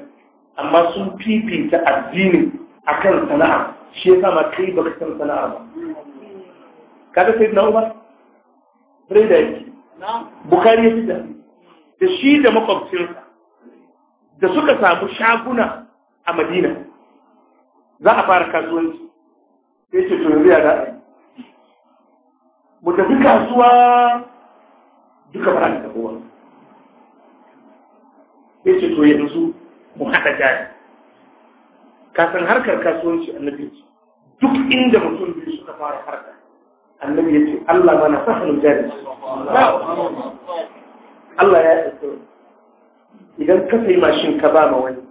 amma sun fifita addini akan sana'a shi yasa ma kai ba ka san sana'a ba kaga sai na umar bai da yake bukari ya fi da shi da makwabcinsa da suka samu shaguna a madina za a fara kasuwanci sai ce to yanzu ya mu tafi kasuwa duka ba da kowa ya ce to yanzu mu haɗa jari Kasan harkar kasuwanci annabi ce duk inda mutum biyu suka fara harka annabi ya ce Allah mana sahalu jari Allah ya ɗauke idan ka sai mashin ka ba ma wani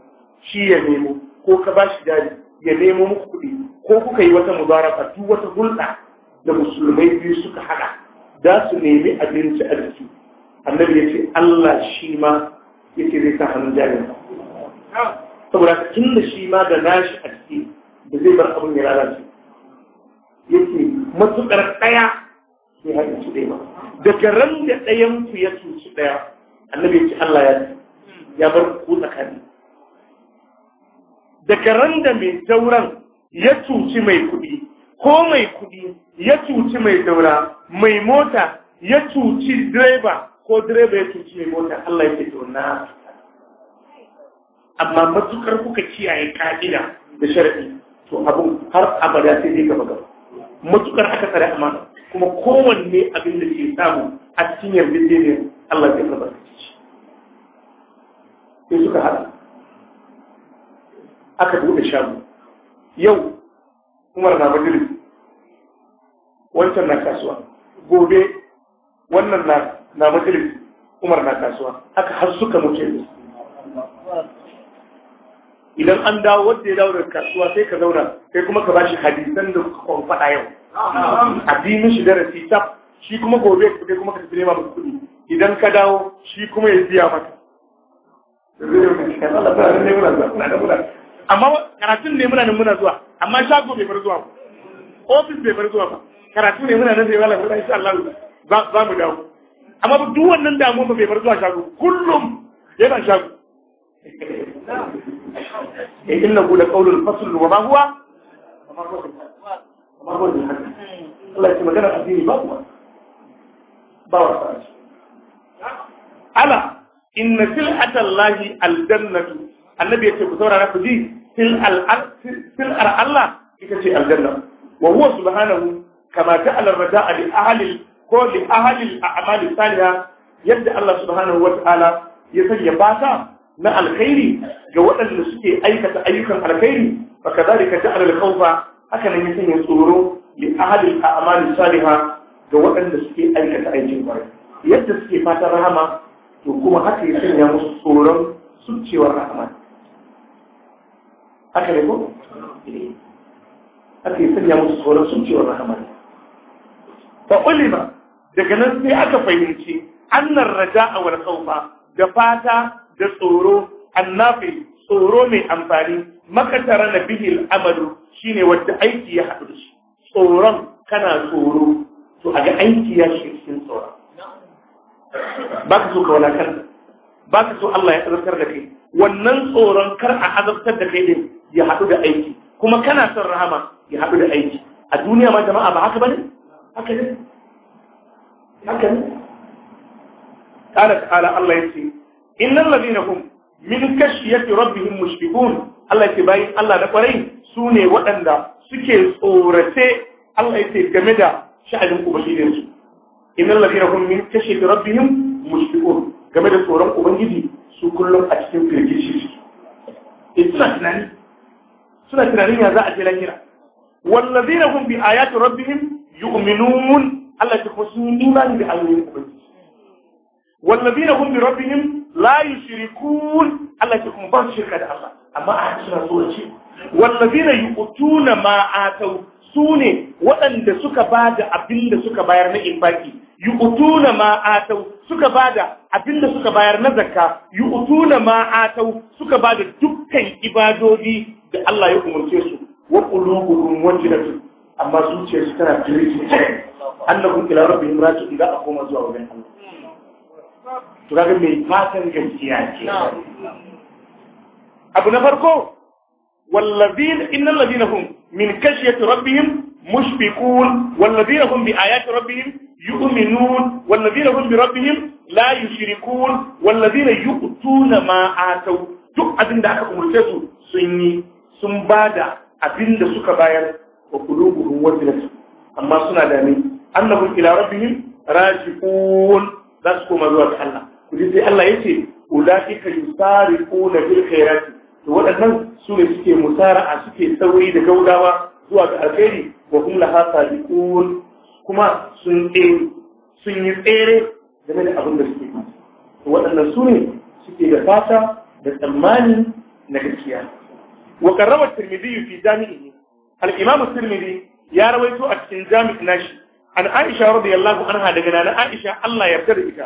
shi ya nemo ko ka ba shi jari ya nemo muku kuɗi ko kuka yi wata mubaraka duk wata hulɗa da musulmai biyu suka haɗa za su nemi abinci a jiki annabi ya ce Allah shi ma ya ce zai sa hannun jarin saboda tun da shi ma da nashi a jiki da zai bar abin ya lalace ya ce matuƙar ɗaya ya haɗin su ɗaya ba daga ran da ɗayan ku ya cuci ɗaya annabi ya ce Allah ya ya bar ku tsakani daga ran da mai tauran ya cuci mai kuɗi ko mai kuɗi ya cuci mai daura mai mota ya cuci direba ko direba ya cuci mai mota Allah ya ce na amma matukar kuka kiyaye ka'ida da sharadi to abun har abada sai dai gaba gaba matukar aka tsare amma kuma kowanne abin da ke samu a cikin yarjejeniyar Allah zai albarkace shi sai suka haɗa aka buɗe shago yau Umar na majalis wancan na kasuwa gobe wannan na na majalis umar na kasuwa aka har suka mutu ne idan an dawo wanda ya dawo daga kasuwa sai ka zauna sai kuma ka bashi hadisan da kuka faɗa yau addinin shi darasi ta shi kuma gobe kai kuma ka tafi nema masa kuɗi idan ka dawo shi kuma ya biya maka amma karatun ne muna nan muna zuwa amma shago bai bar zuwa ba ofis bai bar zuwa ba karatu ne muna nan da wala la insha Allah za mu dawo amma duk wannan damuwa ba bai bar zuwa shago kullum yana shago eh inna qul qawlul fasl wa ma huwa wa ma huwa Allah ya magana addini ba kuwa ba wa ala inna sil'atallahi aljannatu annabi yace ku saurara ku ji al Allah ita ce aljanna wa huwa subhanahu kama ta alar raja'a li ahalil ko li ahalil a'mali saliha yadda Allah subhanahu wataala ya sanya fata na alkhairi ga waɗanda suke aikata ayyukan alkhairi fa kadhalika ja'ala al-khawfa haka nan ya sanya tsoro li ahalil a'mali saliha ga waɗanda suke aikata aikin yadda suke fatan rahama to kuma haka sanya musu tsoron sucewar rahama fa ulima daga nan sai aka fahimci annar a wani khawfa da fata da tsoro annafi tsoro mai amfani makatara na bihil Amadu shine wanda aiki ya haɗu shi tsoron kana tsoro to a ga aiki ya shi cikin tsoro ba ka so ka walakar ba ka so Allah ya azabtar da kai wannan tsoron kar a azabtar da kai din ya haɗu da aiki kuma kana son rahama ya haɗu da aiki a duniya ma jama'a ba haka bane haka ne haka ne qala ta'ala Allah yace innal ladina hum min kashiyati rabbihim mushfiqun Allah ya ce bayin Allah da kwarai su ne waɗanda suke tsorace Allah ya ce game da sha'anin ubangijin su innal ladina hum min kashiyati rabbihim mushfiqun game da tsoron ubangiji su kullum a cikin firgici su eh, suna tunani suna tunanin ya za a je lahira wallazina hum bi ayati rabbihim yu'minun Allah ta kuma sun yi imani da Allah ayoyin ubangiji wallazina hum bi rabbihim la yushrikun Allah ta kuma ba su shirka da Allah amma a suna so da ce wallazina yu'tuna ma atau su ne waɗanda suka ba da abin suka bayar na infaki yu'tuna ma atau suka ba da abin suka bayar na zakka yu'tuna ma atau suka ba da dukkan ibadodi da Allah ya umarce su wa qulubuhum wajilatun amma zuciyar su tana tiriki annahum ila rabbihim raji'un za a koma zuwa wajen Allah mai fatan gaskiya ce abu na farko والذين إن الذين هم من كشية ربهم مشفقون والذين هم بآيات ربهم يؤمنون والذين هم بربهم لا يشركون والذين يؤتون ما آتوا duk abin da aka umarce su sun yi sun ba da abin da suka bayar wa qulubuhum wajilat amma suna da ni annahum ila rabbihim raji'un za su koma zuwa ga Allah ku ji sai Allah yace ulaika yusariquna bil khairati to waɗannan su ne suke a suke sauri da gaugawa zuwa ga alkhairi wa hum laha sabiqun kuma sun tsere sun yi tsere game da abin da suke to waɗannan su ne suke da fata da tsammani na gaskiya wa karrama tirmidhi fi jami'i al-imam tirmidhi ya rawaito a cikin jami' nashi an aisha radiyallahu anha daga nana aisha Allah ya yarda da ita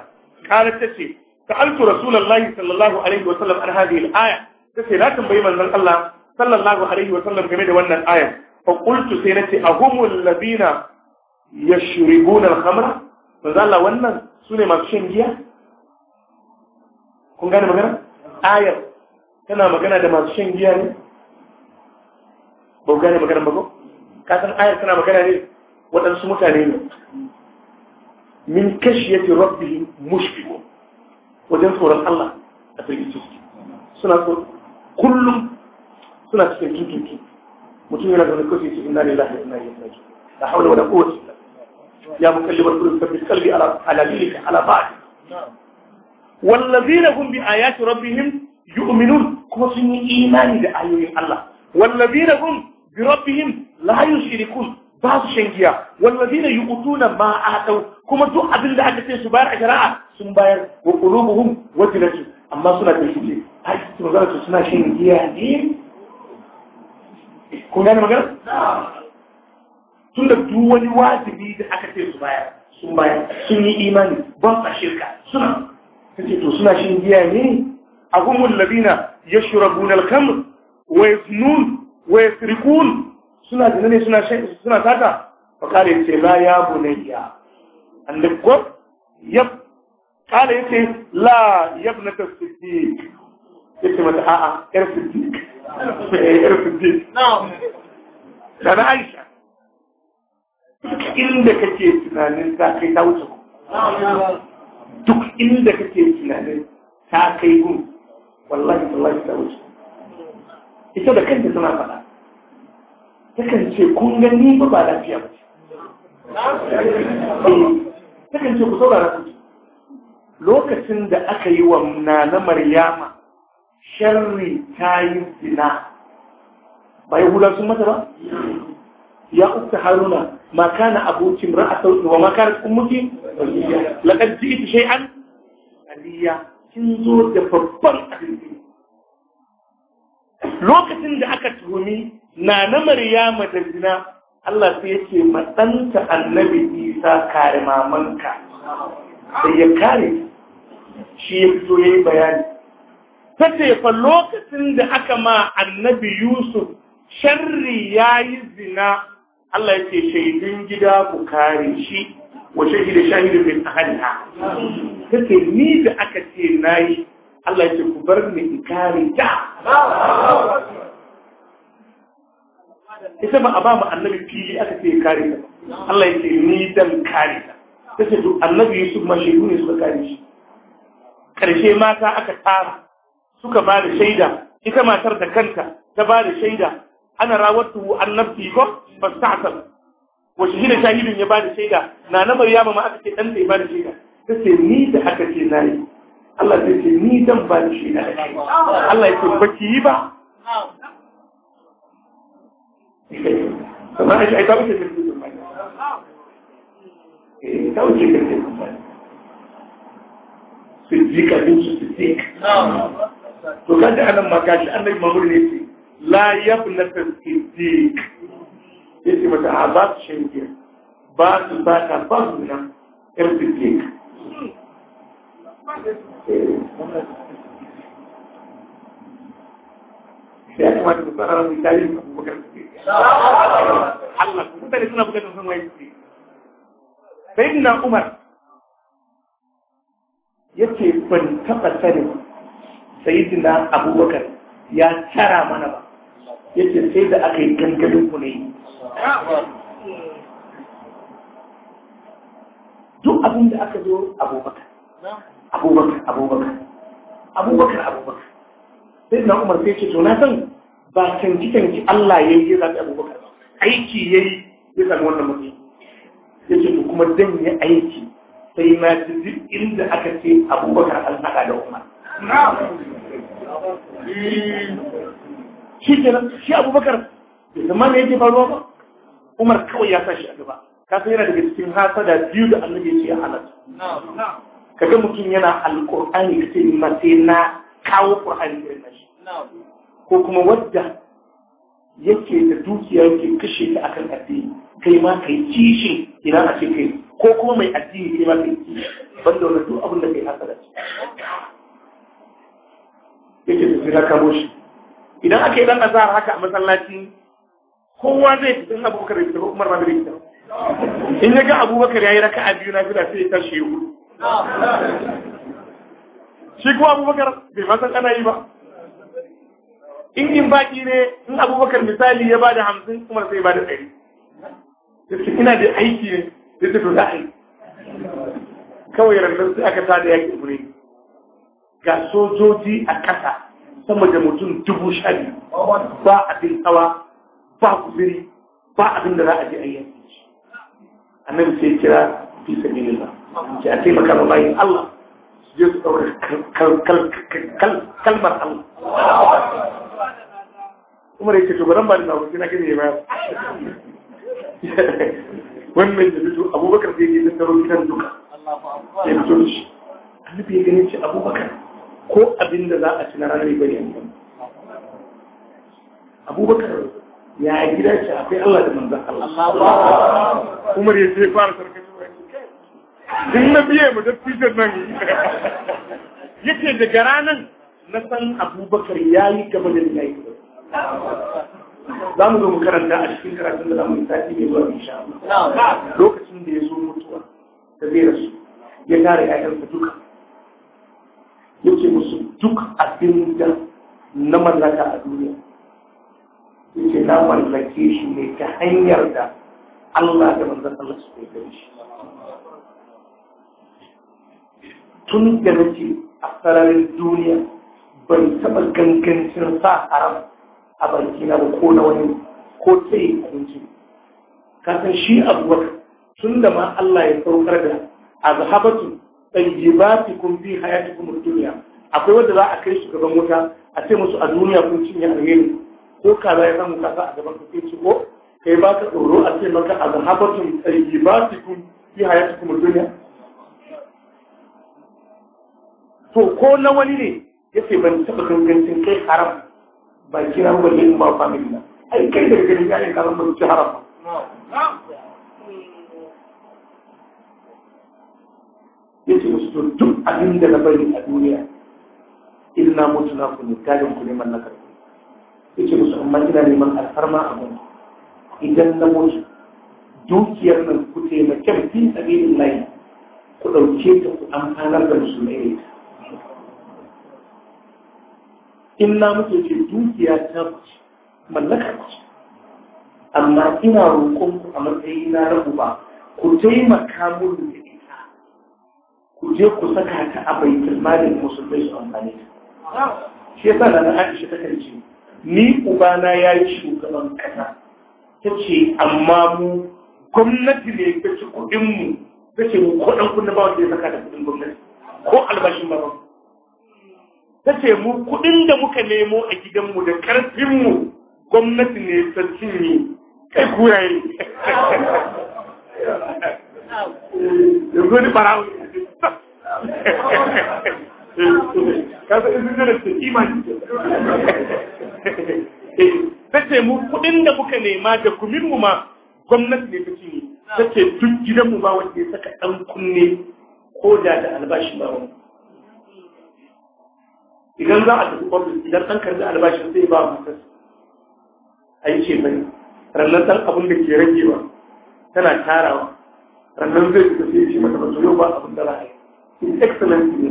qalat tace sa'altu rasulullahi sallallahu alaihi wa sallam an hadhihi al-aya tace na tambayi manzon Allah sallallahu alaihi wa sallam game da wannan ayar fa qultu sai nace ahumul ladina yashribuna al-khamra manzon Allah wannan sune masu shan giya kun gane magana ayar tana magana da masu shan giya ne ba ku gane maganar ba ko ka san ayar tana magana ne waɗansu mutane ne min kashiyati rabbihim mushfiqun wajen tsoron Allah a cikin ciki suna so kullum suna cikin tuntuntu mutum yana zaune kawai cikin inna lillahi wa inna ilaihi raji'un la hawla wala quwwata illa billah ya mukallibar qulub thabbit qalbi ala ala dinika ala ba'd wallazina hum bi ayati rabbihim yu'minun kuma sun yi imani da ayoyin Allah wallazina hum bi rabbihim la yushrikun ba su shan giya wal ladina yuqutuna ma atau kuma duk abin da aka ce su bayar a shari'a sun bayar wa qulubuhum su amma suna da shi ai to za su suna shan giya ne kun gane magana tun da duk wani wajibi da aka ce su bayar sun bayar sun yi imani ba sa shirka suna kace to suna shan giya ne agumul ladina ya al-khamr wa yaznun wa yasrikun suna zina ne suna suna tata fa kare yace la ya bunayya annabi ko yab kare yace la yabnata siddiq yace mata a'a yar siddiq eh, yar siddiq na'am da Aisha duk inda kake tunanin ta kai ta wuce duk inda kake tunanin ta kai gun wallahi ta wuce ita da kanta suna faɗa takan ce kun gani ba ba lafiya ba Ta eh, takan ce ku saurara ku lokacin da aka yi wa nana maryama sharri ta yi zina ba hula sun mata ba ya ukta haruna ma kana abokin ra'a sauki wa makar ummuki ita shai an aliyya kin zo da babban abin lokacin da aka tuhumi na na maryama da zina Allah sai yake matsanta annabi isa kare mamanka sai ya kare shi ya fito ya yi bayani ta fa lokacin da aka ma annabi yusuf sharri ya yi zina Allah yake shaidun gida ku kare shi wa shahidu shahidu min ahliha take ni da aka ce nayi Allah yake ku bar ni in kare ta ita ba a ba mu annabi fili aka ce kare ta Allah yake ni dan kare ta tace to annabi Yusuf mashiru ne suka kare shi karshe mata aka tara suka ba da shaida ita matar da kanta ta ba da shaida ana rawatu annabi ko fasta'tal wa shahida shahidin ya ba da shaida na Maryama ma aka ce dan ta ba da shaida tace ni da aka ce nayi Allah zai ce ni zan ba ni shi na Allah ya ce ba ki yi ba sannan aisha ta wuce kirkin sulmani ta wuce kirkin sulmani siddiqa bin su siddiq to kaji anan shi an annabi mamuri ne ce la yabna Ya ce mata a ba su shirki ba su ba saka ba su nan yar siddiq ya kamata mu mu Allah suna sayyidina Umar ce ban taba sani sayyidina Abubakar ya tara mana ba ce sai da aka yi gangalin ku ne duk abin da aka zo Abubakar abubakar abubakar abubakar abubakar sai na umar sai ce to na san ba canci canci Allah ya yi ya zaɓi abubakar aiki ya yi ya sami wannan mutum ya ce to kuma zan yi aiki sai na ji duk inda aka ce abubakar an haɗa da umar shi kenan shi abubakar zama ne yake faruwa ba umar kawai ya sa shi a gaba ka san yana daga cikin hasada biyu da annabi ya ce a halatta kaga mutum yana alƙur'ani da ni ma sai na kawo ƙur'ani irin nashi ko kuma wadda yake da dukiya yake kashe ta akan addini kai ma kai kishi idan a ce kai ko kuma mai addini kai ma kai kishi ban da duk abin da kai hasa da shi yake da zira kamo shi idan aka yi dan a haka a masallaci kowa zai fi sun abubakar da fita ko umar ma zai in ya ga abubakar ya yi raka'a biyu na da sai ya tashi ya hudu shi kuma abubakar bai masan ana yi ba in baki ne in abubakar misali ya ba da hamsin kuma sai ba da ɗari ina da aiki ne da ta tuta kawai rannan sai aka tada yaƙi ne. ga sojoji a ƙasa sama da mutum dubu sha biyu ba abin tsawa ba kuziri ba abinda za a ji a yi annabi sai kira fi sabilillah ki a taimaka ma bayin Allah su je su ɗaura kalmar Allah umar yake to baran ba da nawo kina kine ba wannan da fito abubakar sai ya tattaro gidan duka ya fito shi annabi ya gani ce abubakar ko abin za a ci na ranar bane abubakar ya gida akwai Allah da Allah fara in na biye mu fitar nan yace daga ranar na san abubakar ya yi gaba da nai. za mu zo mu karanta a cikin karatun da zamu tafi mai zuwa insha lokacin da ya zo mutuwa da zai rasu ya tare ƴaƴansa duka yace musu duk abin da na mallaka a duniya yace na mallake shi ne ta hanyar da Allah da manzan Allah su gari shi tun da nake a sararin duniya ban taɓa gangancin sa haram a banki na ba ko na wani ko tsaye abinci kasan shi abubakar tun da ma Allah ya saukar da azhabatu ba fi kuma duniya akwai wanda za a kai su gaban wuta a ce musu a duniya kun cinye alheri ko kaza ya samu kasa a gaban ka ce ko kai ba ka tsoro a ce maka azhabatu ba fi kuma duniya to ko na wani ne ya yace ban taɓa gangancin kai haram ba kira balle in ba family na ai kai da gani ya ne karan ban ci haram yace musu to duk abin da na bari a duniya mutu na ku ne gadin ku neman na karfi yace musu amma ina neman alfarma a gudu idan na mutu dukiyar nan ku taimake fi sabilillahi ku ɗauke ta ku amfanar da musulmai ne illa muke ce dukiya ta mallaka amma ina roƙon ku a matsayi na rabu ba ku taimaka mun da ita ku je ku saka ta a baitul malin musulmai su amfani ta shi yasa da na Aisha ta kace ni ubana yi shugaban kasa ce amma mu gwamnati ne ta ci kuɗin mu ce mu ko ɗan kunna ba wanda ya saka da kuɗin gwamnati ko albashin ba mu. ta ce mu kuɗin da muka nemo a gidanmu da karfinmu gwamnati ne ta cinye kai da yanzu ni barawo kasa in zuwa da imani ta ce mu kuɗin da muka nema da kuminmu ma gwamnati ne ta cinye ta ce duk gidanmu ba wanda ya saka ɗan kunne ko da da albashi ba wani idan za a tafi ofis idan an karbi albashin sai ba matar a yi ce mai rannan ɗan abin da ke ragewa tana tarawa rannan zai fita sai shi mata masu yau ba abin da za a yi in excellent ne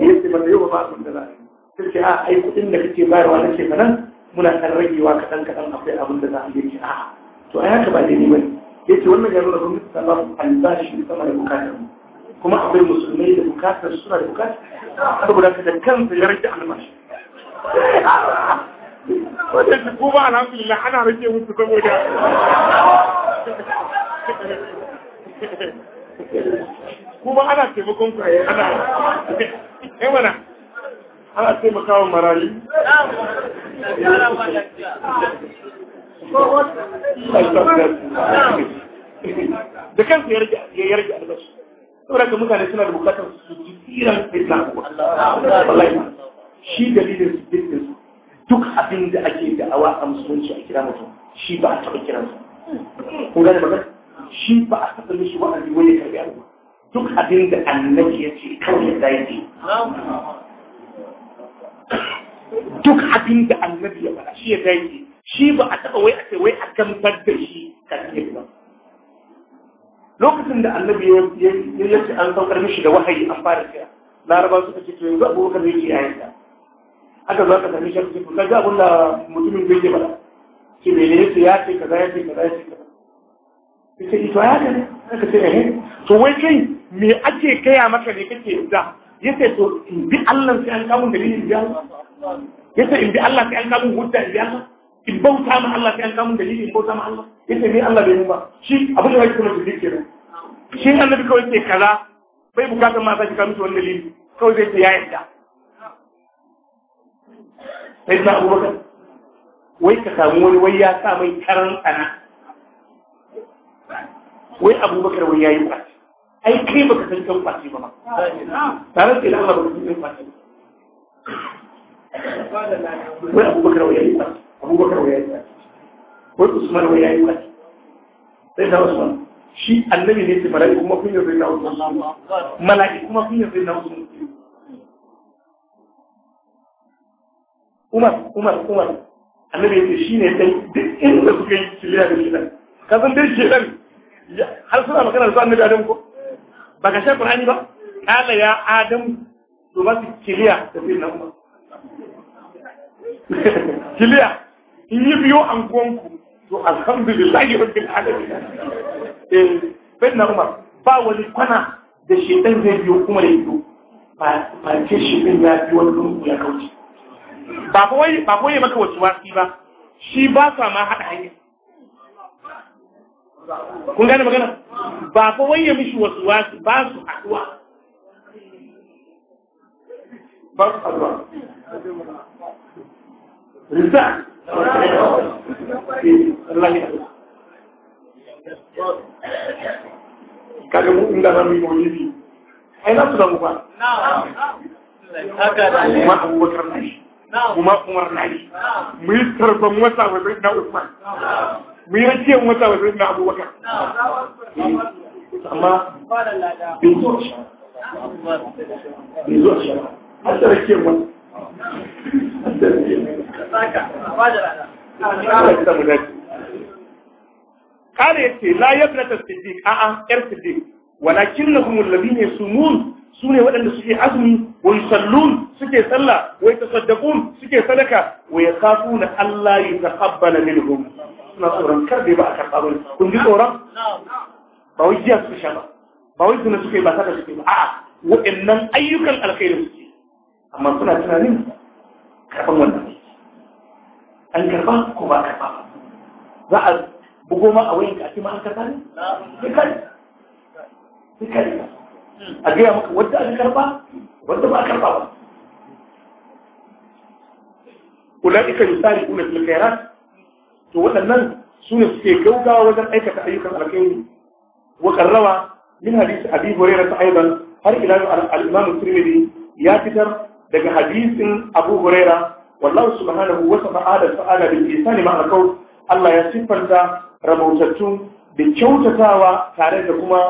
ya ce mata yau ba abin da za a yi sai ce a ai kuɗin da kake bayarwa na shekaran muna kan ragewa kaɗan kaɗan akwai abin da za a yi a to ai haka ba daidai ba ne ya ce wannan ya nuna gwamnati ta ba mu albashi sama da bukatar mu كما أخبر المسلمين لبكاثر السورة لبكاثر أقول لك كم في الرجاء على المشي وجدت بوبا الحمد لله حنا رجاء مستقيم وجاء بوبا أنا كيف أكون كأي أنا إيه أنا أنا أتي مكاو مرالي ده كان يرجع يرجع لبشر saboda ka mutane suna da bukatar su ji tsiran islam wallahi shi dalilin su dukkan su duk abin da ake awa a musulunci a kira mutum shi ba a taɓa su ko gane ba shi ba a taɓa mishi yi wani karbi abu duk abin da annabi ya ce kawai ya zai yi duk abin da annabi ya faɗa shi ya zai ce. shi ba a taɓa wai a ce wai a gambar da shi kan ba lokacin da annabi ya yace an saukar mishi da wahayi an fara kira laraba suka ce to yanzu abubakar ne ke yayin da aka zo ka sami shi ce ka ga abin da mutumin zai ke bada ce me ne yace ya ce kaza ya ce kaza ya ce kaza ce ito ya ga ne aka ce eh to wai kai me ake kaya maka ne kake da yace to in bi Allah sai an kamun dalilin da Allah yace in bi Allah sai an kamun hujja in bi Allah in bauta ma Allah sai an kamun dalili in bauta ma Allah yace ni Allah bai yi ba shi abin da yake kuma dalili kenan shi annabi kawai ke kaza bai bukatar ma sai ka mutu wani dalili kawai zai ce ya yadda. sai na abubakar wai ka samu wani wai ya sa mai karan tsana wai abubakar wai ya yi kwaci ai kai ba ka san kan kwaci ba ma tare da Allah baka san kan kwaci ba wai abubakar wai ya yi kwaci abubakar wa yayi wani wai usman wa yayi wani sai da usman shi annabi ne ce malaki kuma kun yarda na usman malaki kuma kun yarda na usman umar umar umar annabi ya ce shi ne dai duk inda suka yi kiliya da shi nan ka san dai shi nan har suna magana da su annabi adam ko ba ka sha qur'ani ba kala ya adam to ba su kiliya da sai na umar kiliya Ni yi biyo anguwanku to alhamdulillahi rabbil alamin eh na umar ba wani kwana da ɗan zai biyo kuma da ido ba ke shi ɗin ya biyo wani lungu ya kauce ba ba ba boye maka wasu wasi ba shi ba sa ma hada hanya kun gane magana ba ba wai ya mishi wasu wasi ba su haduwa ba su haduwa Rizal kaga mu inda za mu yi maulidi ai na su da mu ba abubakar na shi ma umar na shi mu yi tarban wata wa zai na usman mu yi rakiyar wata wa zai na abubakar amma bai zo a sha bai zo a sha har da kare yace la yabnata siddiq a a yar siddiq walakinnahum alladhina yasumun sune waɗanda suke azumi wa sallun suke sallah wa yatasaddaqun suke sadaka wa yakhafuna alla na minhum suna tsoron kar dai ba a karɓa ba kun ji tsoron ba wai jiya suka sha ba ba wai suna suke ba saka suke ba a'a waɗannan ayyukan alkhairin suke amma suna tunanin karɓan wannan an karba ko ba karba za a bugo ma a wayan ka a ma an karba ne sai kai sai kai a gaya maka wadda aka karba wadda ba a karba ba ulaika yusari'una fil khairat to waɗannan su ne suke gaugawa wajen aikata ayyukan alkhairi wa min hadisi abi hurairah ta aidan har ila al-imam tirmidhi ya fitar daga hadisin abu hurairah wallahu subhanahu wa ta'ala fa'ala bil ihsani ma alqaul Allah ya siffanta rabautattu da kyautatawa tare da kuma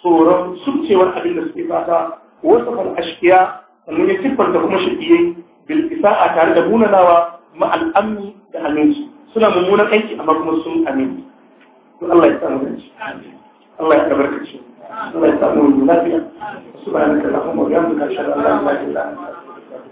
tsoron subcewar abin da suke fata wasu kan ashkiya sannan ya siffanta kuma shirkiyai bil isa'a tare da munanawa ma al'amni da aminci suna mummunan aiki amma kuma sun aminci to Allah ya samu gaci Allah ya albarkace Allah ya samu lafiya subhanaka allahumma wa bihamdika ashhadu an la ilaha illa anta